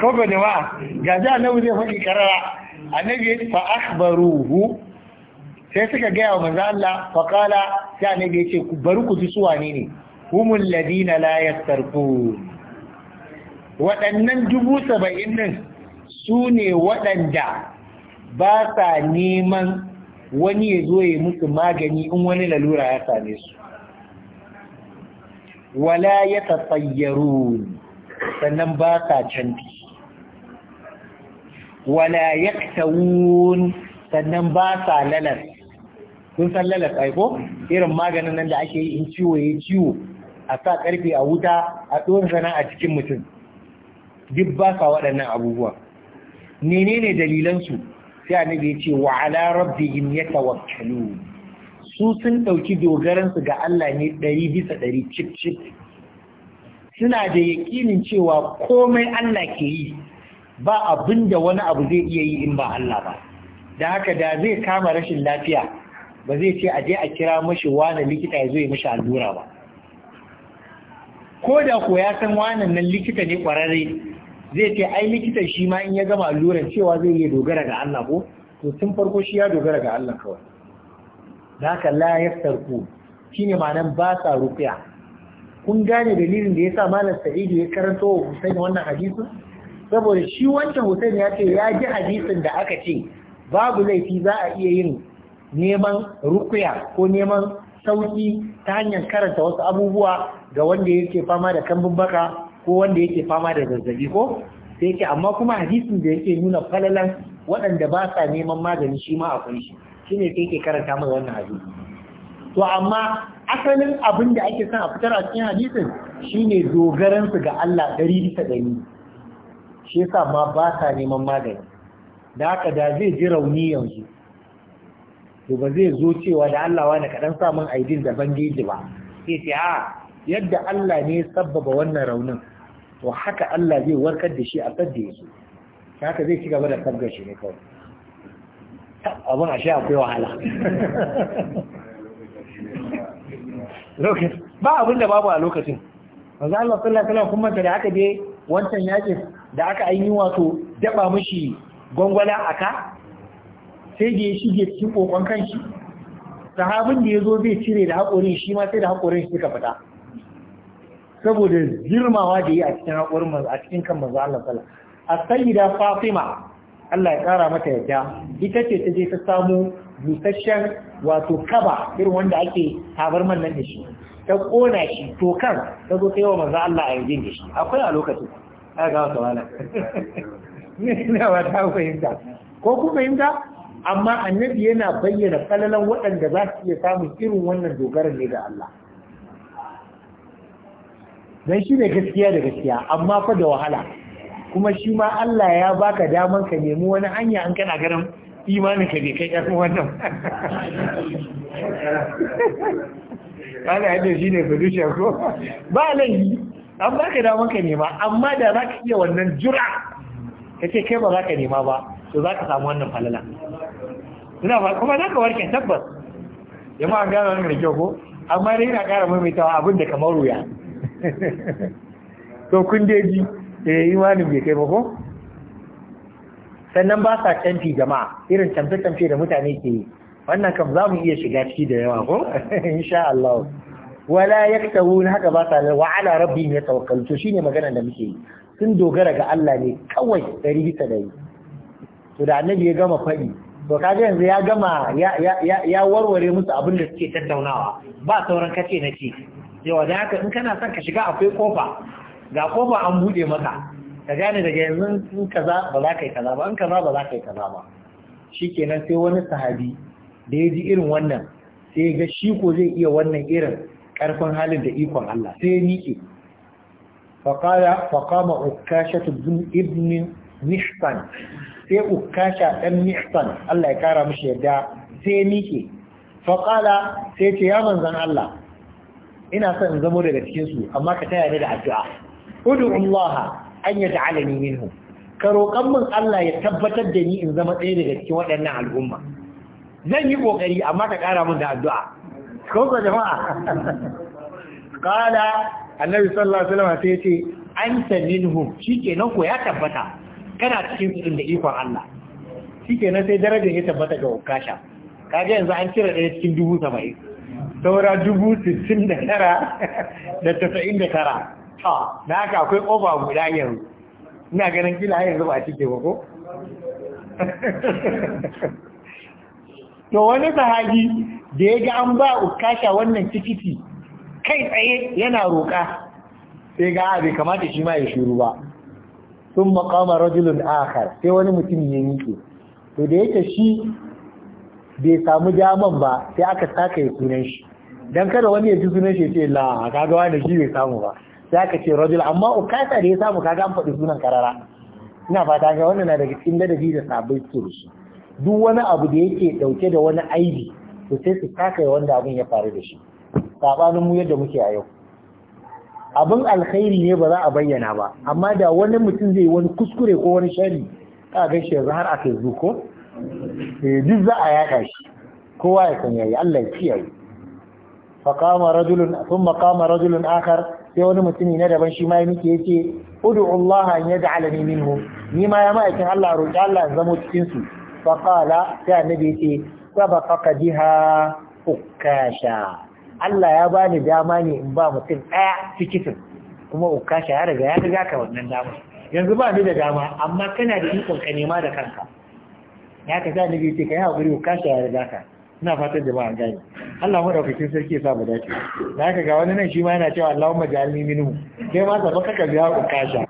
kogo da wa ga ji annabi zai faɗi karara annabi fa akhbaruhu sai suka gaya wa manzo Allah fa qala sai annabi ya ce ku bari ku ji su wane ne humul ladina la yastarqun waɗannan dubu saba'in din su ne waɗanda ba sa neman wani ya zo ya musu magani in wani lalura ya same su wala ya tsayyaru sannan ba sa canfi wala ya sannan ba sa lalas sun san lalas aiko irin maganin nan da ake yi in ciwo ya ciwo a sa karfe a wuta a tsohon sana a cikin mutum duk ba sa waɗannan abubuwa menene dalilansu sai annabi ya ce wa ala rabbihim yatawakkalun su sun dauki dogaran su ga Allah ne 100 bisa 100 cik cik. suna da yakinin cewa komai Allah ke yi ba abinda wani abu zai iya yi in ba Allah ba da haka da zai kama rashin lafiya ba zai ce a je a kira mashi wani likita ya zo ya mashi allura ba ko da ko ya san wannan likita ne kwararre zai ce ai likitan shi ma in ya gama alluran cewa zai yi dogara ga Allah ko to tun farko shi ya dogara ga Allah kawai da haka la yastarku shine ma'anan ba sa rufiya kun gane dalilin da yasa malam Sa'idu ya karanto wa Husaini wannan hadisin saboda shi wancan Husaini ya ce ya ji hadisin da aka ce babu laifi za a iya yin neman rukuya ko neman sauki ta hanyar karanta wasu abubuwa ga wanda yake fama da kambun baka ko wanda yake fama da zazzabi ko sai yake amma kuma hadisin da yake nuna falalan waɗanda ba sa neman magani shi ma akwai shi shine sai yake karanta mai wannan hadisi to amma asalin abin da ake son a fitar a cikin hadisin shine dogaran su ga Allah ɗari bisa ɗari shi yasa ma ba sa neman magani da haka da zai ji rauni yanzu to ba zai zo cewa da Allah wani kaɗan samun aidin da bandeji ba sai ce ah, yadda Allah ne sabbaba wannan raunin to haka Allah zai warkar da shi a sadda yake haka zai ci gaba da sabgar shi ne kawai abin a sha akwai wahala ba abin da babu a lokacin manzo Allah sallallahu alaihi kuma da aka je wancan yakin da aka yi wato daba mishi a aka sai da ya shige cikin kokon kanshi sahabin da ya zo zai cire da haƙorin shi ma sai da haƙorin shi suka fita saboda girmawa da yi a cikin haƙurin a cikin kan maza Allah sala a wasallam as Fatima Allah ya ƙara mata yadda ita ce ta je ta samu busasshen wato kaba irin wanda ake tabarman nan da shi ta ƙona shi to kan ta zo kai wa maza Allah a yanzu da shi akwai a lokacin ai ga wata wala *laughs* ne ba ta fahimta ko ku fahimta amma annabi yana bayyana falalan waɗanda za su iya samun irin wannan dogaran ne ga Allah don shi ne gaskiya da gaskiya amma fa da wahala kuma shi ma Allah ya baka daman ka nemi wani hanya an kana garin imanin ka bai kai ƴan wannan kana yadda *laughs* shi ne solution ko ba lai an baka daman ka nema amma da za ka iya wannan jura ka ce kai ba za ka nema ba to za ka samu wannan falala ina ba kuma za ka warke tabbas yamma an gano wani da kyau ko amma dai yana ƙara maimaitawa abin da kamar wuya *laughs* to kun ji eh imanin bai kai ba ko sannan ba sa canfi jama'a irin canfe-canfe da mutane ke wannan kam zamu iya shiga ciki da yawa ko *laughs* insha Allah wala yaktawun haka ba sa wa ala rabbi ya tawakkal to shine magana da muke yi sun dogara ga Allah ne kawai dari bisa dari to da annabi ya gama faɗi to kaga yanzu ya gama ya warware musu abin da suke tattaunawa ba sauran kace na ce yawa da haka in kana son ka shiga akwai kofa ga kofa an buɗe maka ka gane daga yanzu in kaza ba za ka yi kaza ba in kaza ba za ka yi kaza ba shikenan sai wani sahabi da ya ji irin wannan sai ga shi ko zai iya wannan irin karfin halin da ikon Allah sai ya miƙe faqala faqama ukashatu ibn mihsan sai ukasha dan mihsan Allah ya kara mishi yadda sai mike faqala sai ce ya manzan Allah ina son in zamo daga cikin su amma ka taya ni da addu'a ud'u Allah an ta'alani minhu ka roƙan min Allah ya tabbatar da ni in zama ɗaya daga cikin waɗannan al'umma zan yi kokari amma ka kara min da addu'a ko ga jama'a qala annabi sallallahu alaihi wasallam sai ce anta minhum shikenan ko ya tabbata kana cikin su da ikon Allah shi shikenan sai darajar ya tabbata ga ukasha kaga yanzu an cire ɗaya cikin dubu saba'in saura dubu sittin da tara da tasa'in da tara na da haka akwai ƙofa guda yanzu ina ganin kila yanzu ba cike ba ko to wani sahabi da ya ga an ba ukasha wannan tikiti kai tsaye yana roƙa sai ga ah, bai kamata shi ma ya shuru ba sun makama rajulun akar sai wani mutum ya nike to da yake shi bai samu daman ba sai aka saka ya sunan shi don kada wani ya ji sunan shi ya ce la kaga wani shi bai samu ba sai aka ce rajul amma ukasa da ya samu kaga an faɗi sunan karara ina fata ga wannan na daga cikin ladabi da sabai ke duk wani abu da yake dauke da wani aibi to sai su saka wanda abin ya faru da shi sabanin mu yadda muke a yau abin alkhairi ne ba za a bayyana ba amma da wani mutum zai wani kuskure ko wani shari a ga shi yanzu har a kai zuko eh, duk za a yaka shi kowa ya san yayi Allah ya kiyaye fa qama rajulun thumma qama rajulun akhar sai wani mutum na daban shi ma ya muke yace ud'u Allah an yaj'alani minhum ni ma ya ma'aikin Allah roƙi Allah ya zama cikin su fa qala sai annabi yace sabaqaka ukasha Allah ya bani dama ne in ba mutum ɗaya cikin kuma uka ya riga ya riga ka wannan dama yanzu ba ni da dama amma kana da ikon ka nema da kanka ya ka sa nabi ce ka yi haƙuri uka ya riga ka ina fatan jama'a gani Allah madaukakin sarki ya sa mu dace da haka ga wani nan shi ma yana cewa Allahumma ja'alni minhu kai ma zaba kaka biya uka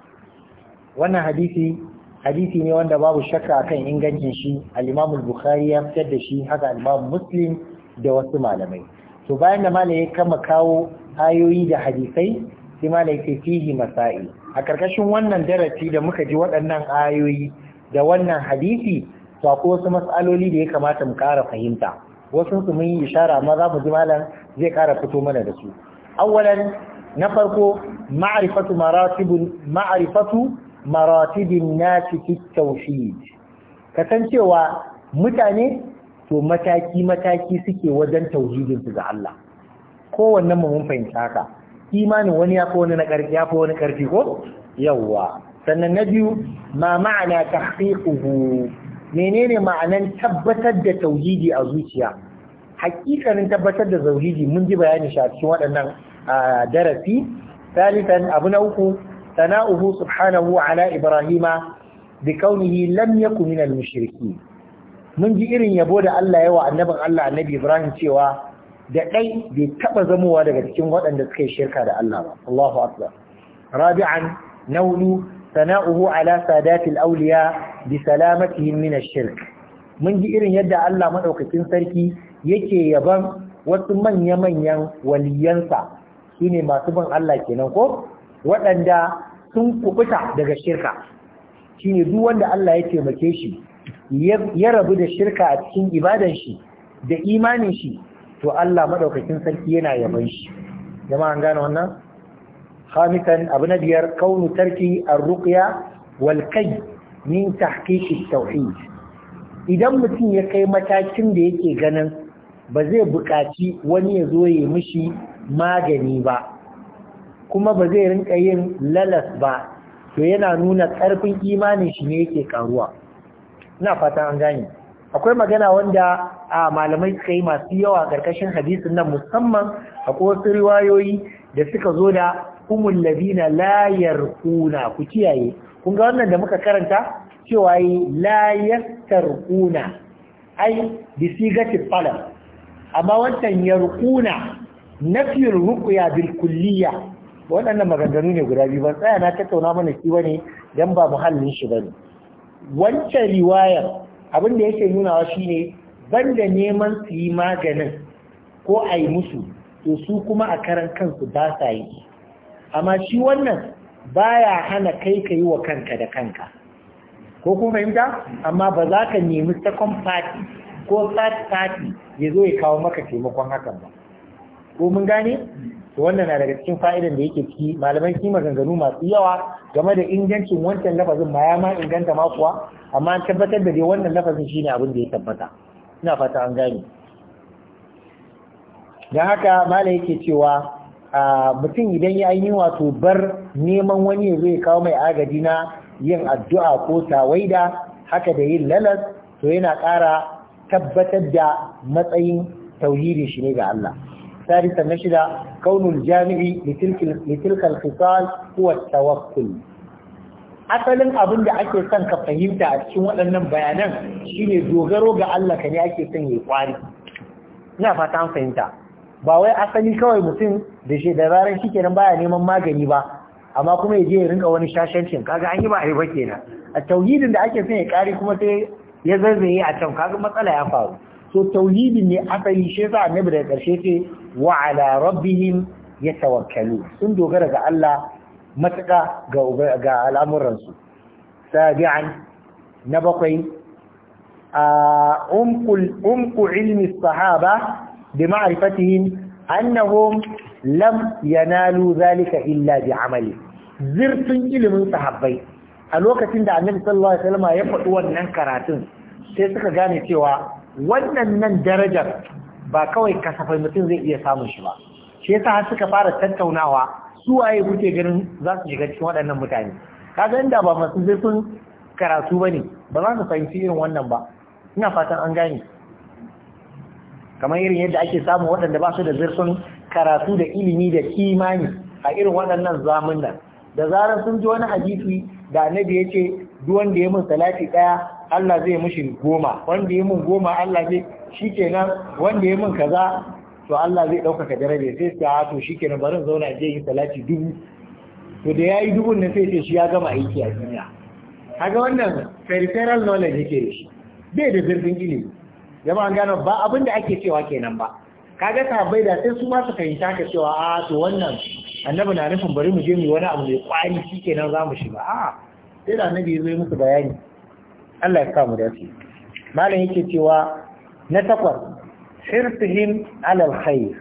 wannan hadisi hadisi ne wanda babu shakka akan ingancin shi al-Imam al-Bukhari ya fitar da shi haka al-Imam Muslim da wasu malamai to bayan da malai ya kama kawo ayoyi da hadisai sai malai ce fihi masail a karkashin wannan darasi da muka ji waɗannan ayoyi da wannan hadisi to akwai wasu mas'aloli da ya kamata mu ƙara fahimta wasu su mun yi ishara amma za mu ji malam zai ƙara fito mana da su awwalan na farko ma'rifatu maratibun ma'rifatu maratibin nasi fi tawhid kasancewa mutane to mataki mataki suke wajen tauhidin ga Allah kowannen mu mun fahimta haka imanin wani ya fi wani na ƙarfi ya fi wani ƙarfi ko yawwa sannan na biyu ma ma'ana tahqiquhu menene ma'anan tabbatar da tauhidi a zuciya hakikanin tabbatar da tauhidi mun ji bayani shi a cikin waɗannan darasi uku sana'uhu subhanahu ثناؤه سبحانه على إبراهيم بكونه لم يكن من mushrikin mun ji irin yabo da Allah ya wa annabin Allah annabi Ibrahim cewa da ɗai bai taɓa zamowa daga cikin waɗanda suka yi shirka da Allah ba Allahu akbar rabi'an nawlu sana'uhu ala sadatil awliya bi salamatihim min ash-shirk mun ji irin yadda Allah madaukakin sarki yake yaban wasu manya-manyan waliyansa shine masu bin Allah kenan ko waɗanda sun kubuta daga shirka shine duk wanda Allah ya taimake shi ya rabu da shirka a cikin ibadan shi da imanin shi to Allah madaukakin sarki yana yaban shi jama'a an gane wannan khamisan abu na biyar kaunu tarki ar-ruqya wal kay min tahqiqi tauhid idan mutum ya kai matakin da yake ganin ba zai buƙaci wani ya zo ya mishi magani ba kuma ba zai rinka yin lalas ba to yana nuna ƙarfin imanin shi ne yake karuwa ina fata an gane akwai magana wanda a malamai suka yi masu yawa a ƙarƙashin hadisin nan musamman a wasu riwayoyi da suka zo da umul ladina la yarquna ku kiyaye kun ga wannan da muka karanta cewa yi la yarquna ai bi sigati talab amma wannan yarquna nafiyul ruqya bil kulliya waɗannan maganganu ne guda biyu ban tsaya na tattauna mana shi bane dan ba muhallin shi bane wancan riwayar abin da yake nunawa shine banda neman su yi maganin ko a yi musu to su kuma a karan kansu ba sa yi amma shi wannan baya hana kai ka yi wa kanka da kanka ko kuma fahimta amma ba za ka nemi second party ko third party ya zo ya kawo maka taimakon hakan ba ko mun gane wannan na daga cikin fa'idan da yake ciki malaman kima ganganu masu yawa game da ingancin wancan lafazin ma ya ma inganta ma kuwa amma an tabbatar da dai wannan lafazin shine abin da ya tabbata ina fata an gane dan haka malai yake cewa mutum idan ya yi wato bar neman wani ya zai kawo mai agaji na yin addu'a ko tawaida haka da yin lalas to yana ƙara tabbatar da matsayin tauhidi shi ne ga Allah ثالثا na كون الجامع لتلك لتلك الخصال هو التوكل asalin abin da ake son ka fahimta a cikin waɗannan bayanan shine dogaro ga Allah ka ne ake son ya kwari ina fata an fahimta ba wai asali kawai mutum da shi da zaran shi kenan baya neman magani ba amma kuma ya je ya rinka wani shashancin kaga an yi ba ba kenan a tauhidin da ake son ya kwari kuma sai ya zazzaye a can kaga matsala ya faru To tauhidin ne asali shi yasa annabi daga karshe ce wa'ala ala ya tawakkalu sun dogara ga Allah matuƙa ga ga al'amuran su sabi'an na bakwai a umqul ilmi sahaba bi ma'rifatihim annahum lam yanalu zalika illa bi amali zirtun ilimin sahabbai a lokacin da annabi sallallahu alaihi wasallam ya faɗi wannan karatun sai suka gane cewa wannan nan darajar ba kawai kasafai mutum zai iya samun shi ba shi yasa har suka fara tattaunawa su waye kuke ganin za su shiga cikin waɗannan mutane kaga inda ba masu zurfin karatu bane ba za su fahimci irin wannan ba ina fatan an gane kamar irin yadda ake samun waɗanda ba su da zurfin karatu da ilimi da kimani a irin waɗannan zamunan da zarar sun ji wani hadisi da annabi ya ce duk wanda ya mun salati ɗaya Allah zai mushi goma wanda ya mun goma Allah zai nan, wanda ya mun kaza to Allah zai ɗaukaka jarabe sai su ta ah, to ke nan, barin zauna je yi salati dubu to da ya yi dubun na sai ce shi ya gama aiki a duniya kaga wannan peripheral knowledge yake da shi bai da zurfin ilimi jama'a gano ba abin da ake cewa kenan ba ka kaga sahabbai da sai su ma su fahimta ka cewa a ah, to wannan annabi na nufin bari mu je mu yi wani abu mai kwari nan za mu shiga a'a sai da annabi ya zo musu bayani Allah ya sa mu dace malam yake cewa na takwas hirsihim ala alkhair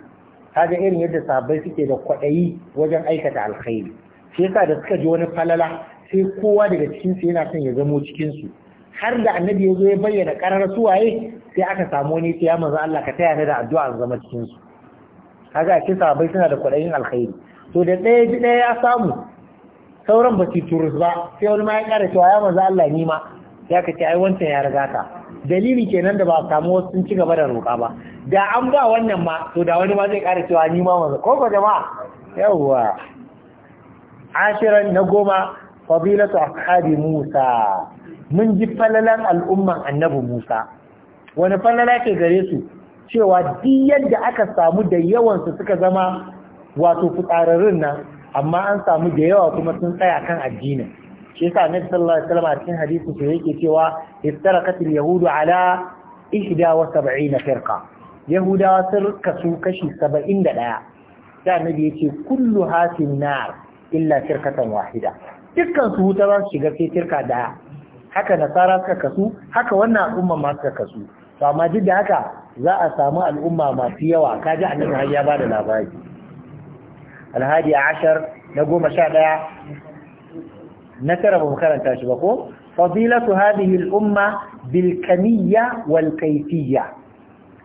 kaga irin yadda sabai suke da kwaɗayi wajen aikata alkhairi shi yasa da suka ji wani falala sai kowa daga cikin su yana son ya zamo cikin su har da annabi ya zo ya bayyana karar suwaye sai aka samu wani sai ya manzo Allah ka taya ni da addu'a zama cikin su kaga shi sabai suna da kwaɗayin alkhairi to da ɗaya ji ɗaya ya samu sauran ba su turus ba sai wani ma ya ƙara cewa ya manzo Allah ni ma ya ka ce ai wancan ya riga ka dalili kenan da ba a samu wasu sun ci gaba da roƙa ba da an ba wannan ma to da wani ma zai ƙara cewa ni ma wanzu ko ko jama'a yawwa ashiran na goma fadilatu ahadi musa mun ji falalan al'umman annabi musa wani falala ke gare su cewa duk yadda aka samu da yawansu suka zama wato fitsararrun nan amma an samu da yawa kuma sun tsaya kan addinin shi yasa annabi sallallahu alaihi wasallam a cikin hadisi sai yake cewa iftaraqatil yahudu ala 71 firqa yahudawa sun kasu kashi 71 da annabi yace kullu hasin nar illa firqatan wahida dukkan su wuta za su shiga sai firqa daya haka nasara suka kasu haka wannan al'umma ma suka kasu to amma duk da haka za a samu al'umma masu yawa kaji annabi har ya bada labari alhadi ashar na goma sha ɗaya na tara ba mu karanta shi ba ko fadilatu hadhihi al-umma bil kamiyya wal kayfiyya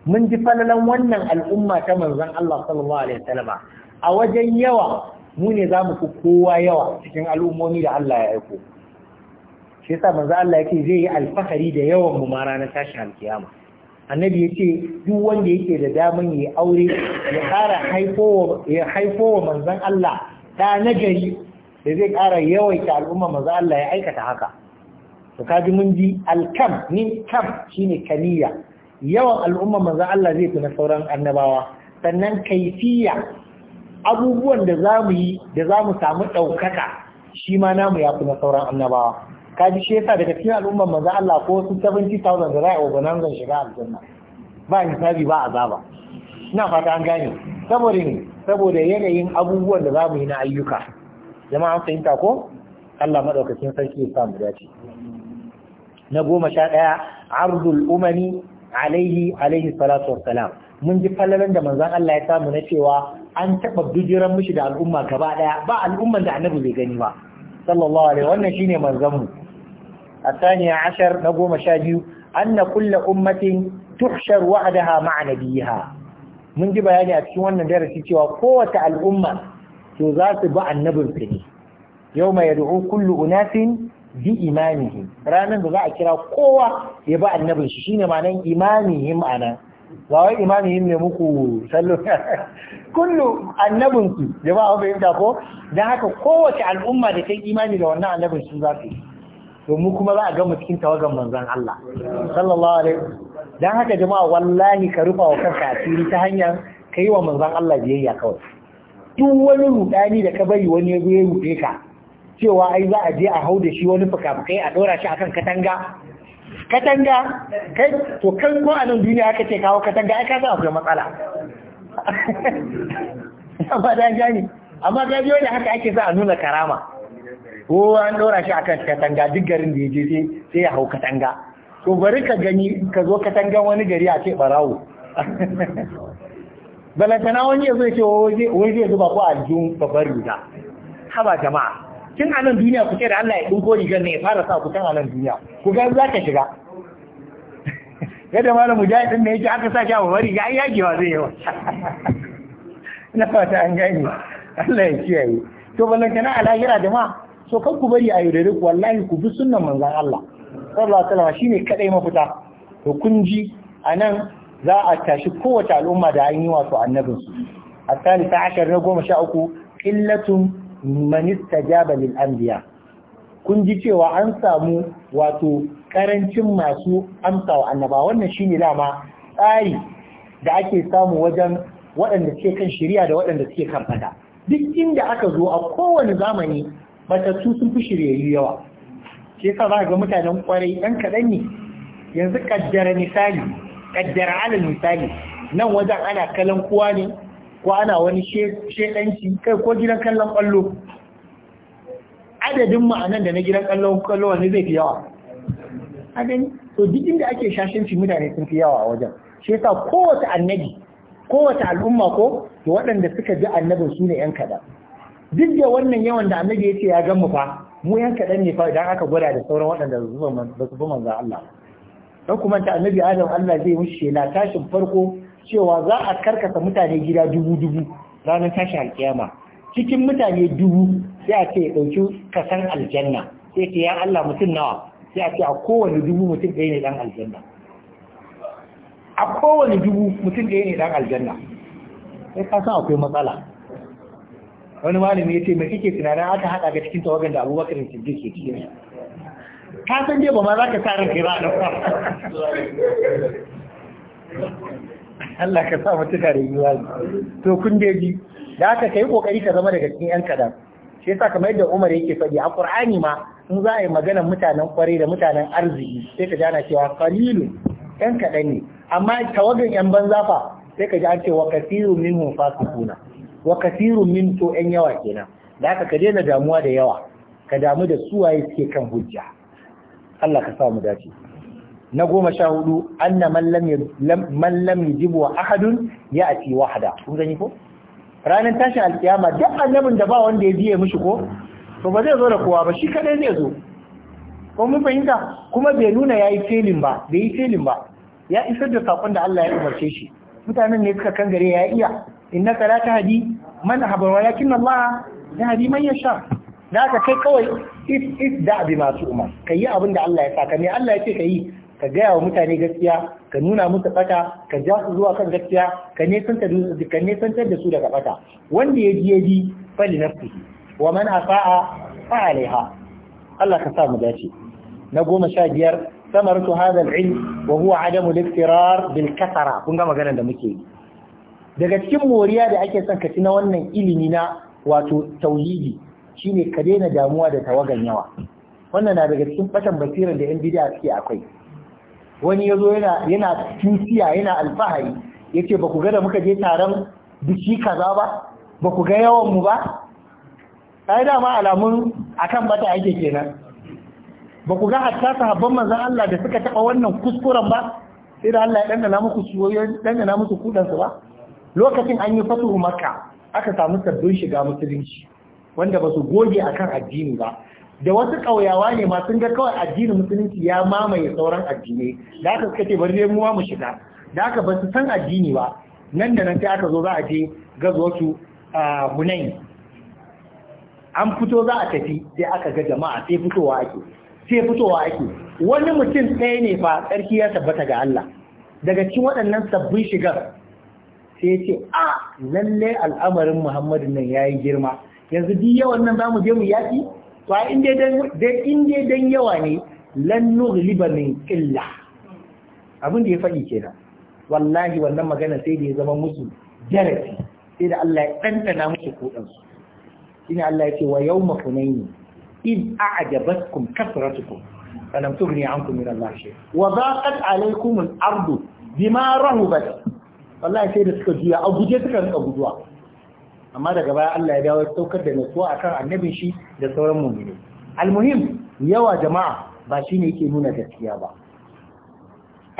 mun ji falalan wannan al'umma ta manzon Allah sallallahu alaihi a wajen yawa mu ne zamu fi kowa yawa cikin al'ummomi da Allah ya aiko shi yasa manzo Allah yake zai yi alfahari da yawan mu ma ranar tashin alkiyama annabi yace duk wanda yake da daman yi aure ya kara haifowa ya haifowa manzon Allah ta nagari sai zai ƙara yawaita al'umma maza Allah ya aikata haka to kaji mun ji alkam ni kam shine kaniya yawan al'umma maza Allah zai fi na sauran annabawa sannan kaifiya abubuwan da za mu yi da za mu samu ɗaukaka shi ma namu ya fi na sauran annabawa kaji shi yasa daga cikin al'umma maza Allah ko wasu 70,000 da za a zan shiga aljanna ba hisabi ba azaba ina fata an gane saboda saboda yanayin abubuwan da za mu yi na ayyuka jama'a an fahimta ko Allah madaukakin sarki ya samu dace na goma sha ɗaya ardul umani alaihi alaihi salatu wassalam mun ji fallalan da manzon Allah ya samu na cewa an taɓa bijiran mishi da al'umma gaba ɗaya ba al'umman da annabi bai gani ba sallallahu alaihi wannan shine manzon mu الثانية عشر نقوم شاديو أن كل أمة تحشر وحدها مع نبيها من جبا يعني أكشوان ندرسي سوى قوة الأمة to za su bi annabin su ne yau mai yad'u kullu unasin bi imamihim ranar da za a kira kowa ya bi annabin shi shine ma'anar imamihim anan ba wai imamihim ne muku sallo *laughs* kullu annabin su ba an fahimta ko dan haka kowace al'umma da ta yi imani da wannan annabin su za su yi to mu kuma za a ga cikin tawagan manzon Allah sallallahu alaihi dan haka jama'a wallahi ka rufa wa kanka asiri ta hanyar kai wa manzon Allah biyayya kawai duk wani rudani da ka bari wani ya zo ya rufe ka cewa ai za a je a hau da shi wani fuka a ɗora shi akan katanga katanga kai to kan ko a nan duniya aka ce kawo katanga ai ka san akwai matsala *laughs* amma da gani amma ga biyo da haka ake sa a nuna karama ko an ɗora shi akan katanga duk garin da ya je sai ya hau katanga to bari ka gani ka zo katangan wani gari a ce barawo *laughs* balantana wani ya zai ce wai zai zuba ko aljihun babbar riga haba jama'a tun a nan duniya ku ce da Allah ya dinko rigar ne ya fara sa ku tun a nan duniya ku ga za ka shiga *laughs* yadda malam mujahid din da yake aka sa shi a babbar riga ai yagewa zai yi *laughs* na fata an gani Allah ya kiyaye to balantana a lahira jama'a so kan ku bari a yaudare ku wallahi ku bi sunan manzon Allah sallallahu alaihi wasallam shine kadai mafita to kun ji anan za a tashi kowace al'umma da an yi wasu annabinsu a tsari ta ashirin na goma sha uku illatun manista Jabalin Ambiya. kun ji cewa an samu wato karancin masu amsa wa annaba wannan shine dama tsari da ake samu wajen waɗanda suke kan shirya da waɗanda suke kan fada duk inda aka zo a kowane zamani matattu sun fi shiryayyu yawa shi yasa za ga mutanen kwarai ɗan kaɗan ne yanzu kaddara misali kaddara alal misali nan wajen ana kallon kuwa ne ko ana wani shedanci kai ko gidan kallon kwallo adadin ma'anan da na gidan kallon kwallo wani zai fi yawa a to duk inda ake shashinci mutane sun fi yawa a wajen shi yasa kowace annabi kowace al'umma ko da waɗanda suka ji annabin su ne yan kaɗan duk da wannan yawan da annabi ya ce ya gan mu fa mu yan kaɗan ne fa idan aka gwada da sauran waɗanda ba su bi manzo Allah don kuma ta annabi adam Allah zai mushi na tashin farko cewa za a karkasa mutane gida dubu dubu ranar tashin alkiyama cikin mutane dubu sai a ce ya dauki kasan aljanna sai ce ya Allah mutum nawa sai a ce a kowane dubu mutum ɗaya ne dan aljanna a kowane dubu mutum ɗaya ne dan aljanna sai ka san akwai matsala wani malami ya ce mai kike tunanin aka haɗa ga cikin tawagan da abubakar siddiq ke cikin ka san ba ma za ka sa ranka ba a Allah ka sa mutu da yiwuwa to kun dai da aka kai kokari ka zama daga cikin yan kadan shi yasa kamar yadda Umar yake faɗi a Qur'ani ma in za a yi maganar mutanen kwarai da mutanen arziki sai ka jana cewa qalilu yan kadan ne amma tawagan yan banza fa sai ka ji an ce wa kathirun minhum fasiquna wa kasiru min to yan yawa kenan da aka ka daina damuwa da yawa ka damu da suwaye suke kan hujja Allah ka sa mu dace na goma sha hudu anna man lam wa ahadun ya ati wahada kun gani ko ranar tashin alkiyama duk annabin da ba wanda ya biye mushi ko to ba zai zo da kowa ba shi kadai zai zo ko mun fahimta kuma bai nuna yayi felin ba bai yi felin ba ya isar da sakon da Allah ya umarce shi mutanen ne suka kangare ya iya innaka la hadi, man habara walakin Allah yahdi man yasha Na ka kai kawai is da abi masu umar ka yi abin da Allah ya sa ne Allah ya ce ka yi ka gaya wa mutane gaskiya ka nuna musu tsaka, ka ja su zuwa kan gaskiya ka nesantar da su daga bata wanda ya ji ya ji fali nafsihi wa man asa'a fa alaiha Allah ka sa mu dace na goma sha biyar samaratu hadha al-ilm wa huwa adamu al-iftirar bil kasara kun ga maganar da muke yi daga cikin moriya da ake son ka ci na wannan ilimi na wato tauhidi shine ka daina damuwa da tawagan yawa wannan na daga cikin fashin basirar da yan bid'a suke akwai wani ya zo yana tunsiya yana alfahari yace ba ku ga da muka je taron biki kaza ba ba ku ga yawan mu ba ai dama alamun a kan bata ake kenan ba ku ga hatta sahabban manzan Allah da suka taba wannan kuskuren ba sai da Allah ya dandana muku suwoyin dandana musu kudansu ba lokacin an yi fatuhu makka aka samu sabbin shiga musulunci wanda ba su goge kan addini ba da wasu ƙauyawa ne ma sun ga kawai addinin musulunci ya mamaye sauran addinai da aka suka ce bari dai muwa mu shiga da aka ba su san addini ba nan da nan sai aka zo za a je gazuwarsu a an fito za a tafi sai aka ga jama'a sai fitowa ake sai fitowa ake wani mutum ɗaya ne fa tsarki ya tabbata ga Allah daga cikin waɗannan sabbin shigar sai ce a ah, lallai al'amarin Muhammadu nan ya yi girma yanzu duk yawan nan mu je mu yaki to a in dai dan yawa ne lan nughliba min illa abin da ya faɗi kenan wallahi wannan magana sai da ya zama musu jarabi sai da Allah ya ɗanɗana musu kuɗin su shine Allah ya ce wa yawma hunaini id a'jabatkum kasratukum falam tughni ankum min Allah shay wa daqat alaykum al-ardu bima rahubat wallahi sai da suka juya a guje suka rika guduwa amma daga baya Allah ya dawo saukar da nutsuwa akan annabin shi da sauran mu'mini almuhim yawa jama'a ba shi ne yake nuna gaskiya ba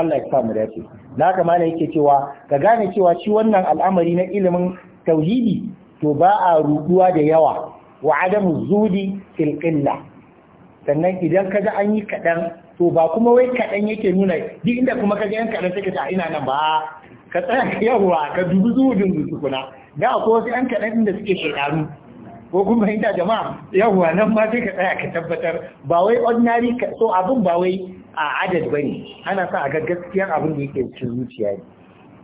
Allah ya sa mu dace na haka yake cewa ka gane cewa shi wannan al'amari na ilimin tauhidi to ba a ruduwa da yawa wa adamu zudi fil sannan idan kaga an yi kadan to ba kuma wai kaɗan yake nuna duk inda kuma ka kaga yan kadan take ta ina nan ba ka tsaya yawa ka dubi zuhudin su kuna da akwai wasu yan kaɗan inda suke shekaru ko kun fahimta jama'a yawa nan ma sai ka tsaya ka tabbatar ba wai ordinary so abin ba wai a adad ne. ana sa a ga abin da yake cin zuciya ne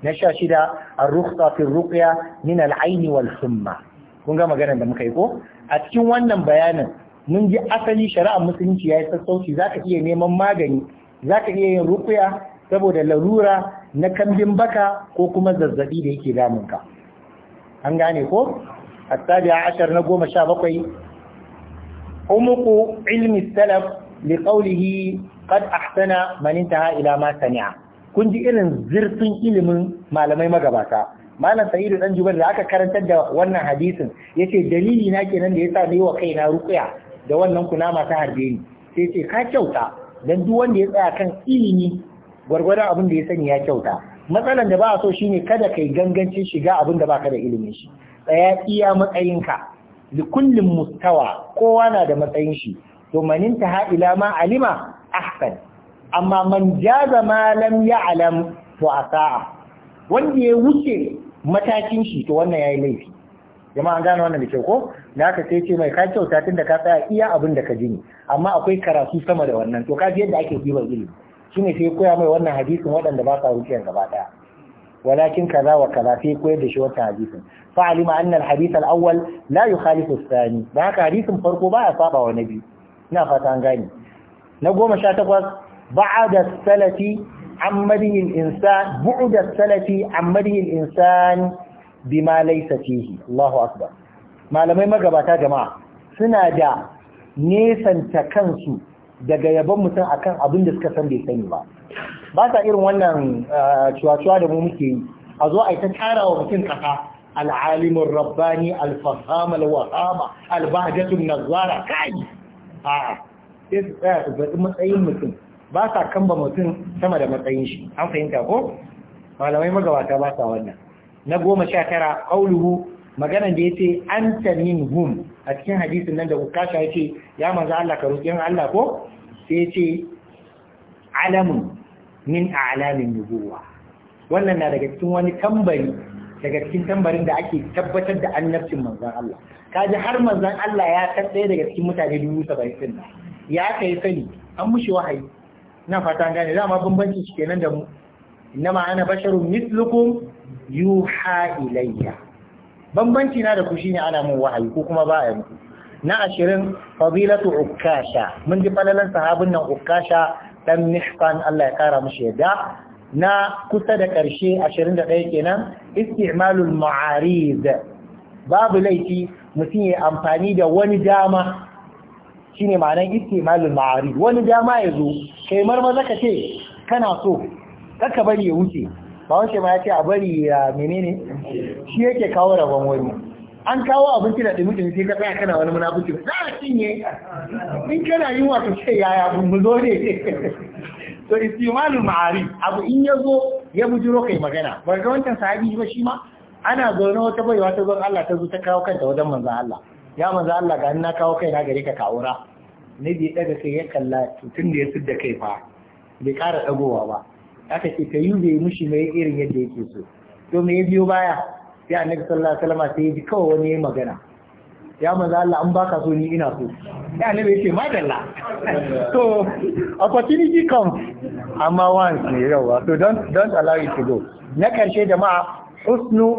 na sha shida a rukhsa fi ruqya min al'aini wal humma kun ga maganar da muka yi ko a cikin wannan bayanin mun ji asali shari'ar musulunci ya yi sassauci zaka iya neman magani zaka iya yin ruqya saboda larura na kambin baka ko kuma zazzabi da yake damunka an gane ko a ashar na goma sha bakwai umuku ilmi salaf li qawlihi a ahsana man ta ila ma sani'a. kun ji irin zirfin ilimin malamai magabata malam sa'idu dan jubar da aka karantar da wannan hadisin yace dalili na kenan da ya yasa yi wa kaina ruqya da wannan kunama ta harbe ni sai ce ka kyauta dan duk wanda ya tsaya kan ilimi gwargwadon abin da ya sani ya kyauta matsalan da ba a so shine kada kai gangancin shiga abin da baka da ilimin shi tsaya iya matsayinka li kullin mustawa kowa na da matsayin shi to ta haila ila ma alima ahsan amma man jaza ma lam ya'lam to asaa wanda ya wuce matakin shi to wannan yayi laifi Jama'an gane wannan da kyau ko da aka sai ce mai ka kyauta tun da ka tsaya iya abin da ka ji amma akwai karatu sama da wannan to ka yadda ake ɗiban ilimi shine sai koya mai wannan hadisin waɗanda ba sa rukiyan gaba daya walakin kaza wa kaza sai koyar da shi watan hadisin fa alima anna al hadith al awwal la yukhalifu da haka hadisin farko baya saba wa nabi ina fata an gane na 18 ba'da salati an al insan bu'da salati an madihi al insan bima laysa fihi Allahu akbar malamai magabata jama'a suna da nesanta kansu daga yabon mutum akan abin da suka san bai sani ba ba sa irin wannan eh, cuwa-cuwa da mu muke yi a zo a yi ta tara wa mutum kasa al'alimin rabbani alfahamar alwahama albahajatun nazara kai a sai su tsaya su zaɗi matsayin mutum ba sa kamba mutum sama da matsayin shi an fahimta ko malamai magabata ba sa wannan na goma sha tara ƙauluhu maganan da ya ce an tamin hum a cikin hadisin nan da kukasha ya ce ya manzo Allah ka roƙi Allah ko sai ce alamun min a'lamin nubuwa wannan na daga cikin wani tambari daga cikin tambarin da ake tabbatar da annabcin manzan Allah kaji har manzon Allah ya san ɗaya daga cikin mutane dubu saba'in da ya kai sani an mushi wahayi na fatan gane dama bambanci shi kenan da mu innama ana basharun mislukum yuha ilayya bambanci na da ku shine ana mun wahayi ko kuma ba a yi na ashirin fadilatu ukasha mun ji falalan sahabin nan ukasha dan mihfan Allah ya kara mushi yadda na kusa da ƙarshe 21 kenan istimalul ma'arid babu laifi mutum ya amfani da wani dama shine ma'anar istimalul ma'arid wani dama ya zo kai marma ka ce kana so kaka bari ya wuce ba wace ma ya ce a bari ya menene shi yake kawo rabon wani an kawo abinci da ɗin mutum sai ka tsaya kana wani munafuci ba za a cinye in kana yin wa ka ce yaya zo ne *laughs* to istimalul ma'ari abu in ya zo ya bujiro kai magana ba ga wancan sahabi ba shi ma ana zaune wata baiwa ta zo Allah ta zo ta kawo kanta wajen manzo Allah ya manza Allah ga na kawo kai na gare ka kawura Na ya daga kai ya kalla tutun da ya da kai fa bai kara dagowa ba aka ce ta yi bai mushi mai irin yadda yake so to me ya biyo baya sai annabi sallallahu alaihi wasallam sai ya ji kawai wani magana ya manzo Allah an baka so ni ina so sai annabi ce madalla to *laughs* opportunity comes amma once ne yawa so don't don't allow it to go na karshe jama'a husnu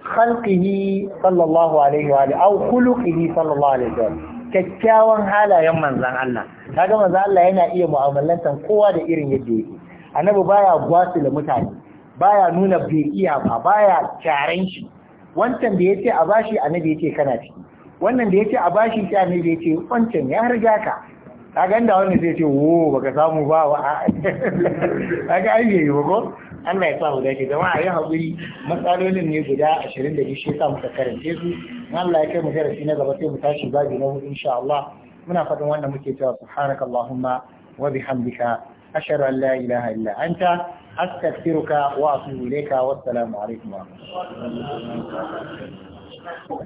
khalqihi sallallahu alaihi wa alihi aw khuluqihi sallallahu alaihi wa alihi kyakkyawan halayen manzan Allah kaga manzan Allah yana iya mu'amalantar kowa da irin yadda yake annabi baya da mutane baya nuna bai iya ba baya kyaren shi wancan da yace a bashi annabi yace kana ciki wannan da yace a bashi sai annabi yace wancan ya riga ka kaga ganda wani zai ce wo baka samu ba wa *laughs* kaga ai yayi ba ko Allah ya sa mu dace jama'a ya hakuri matsalolin ne guda da shi sa muka karance su Allah ya kai mu darasi na gaba sai mu tashi babu na hudu insha Allah muna faɗin wannan muke cewa subhanakallahumma wa bihamdika ashhadu an la ilaha illa anta أستغفرك وأصل إليك والسلام عليكم ورحمة الله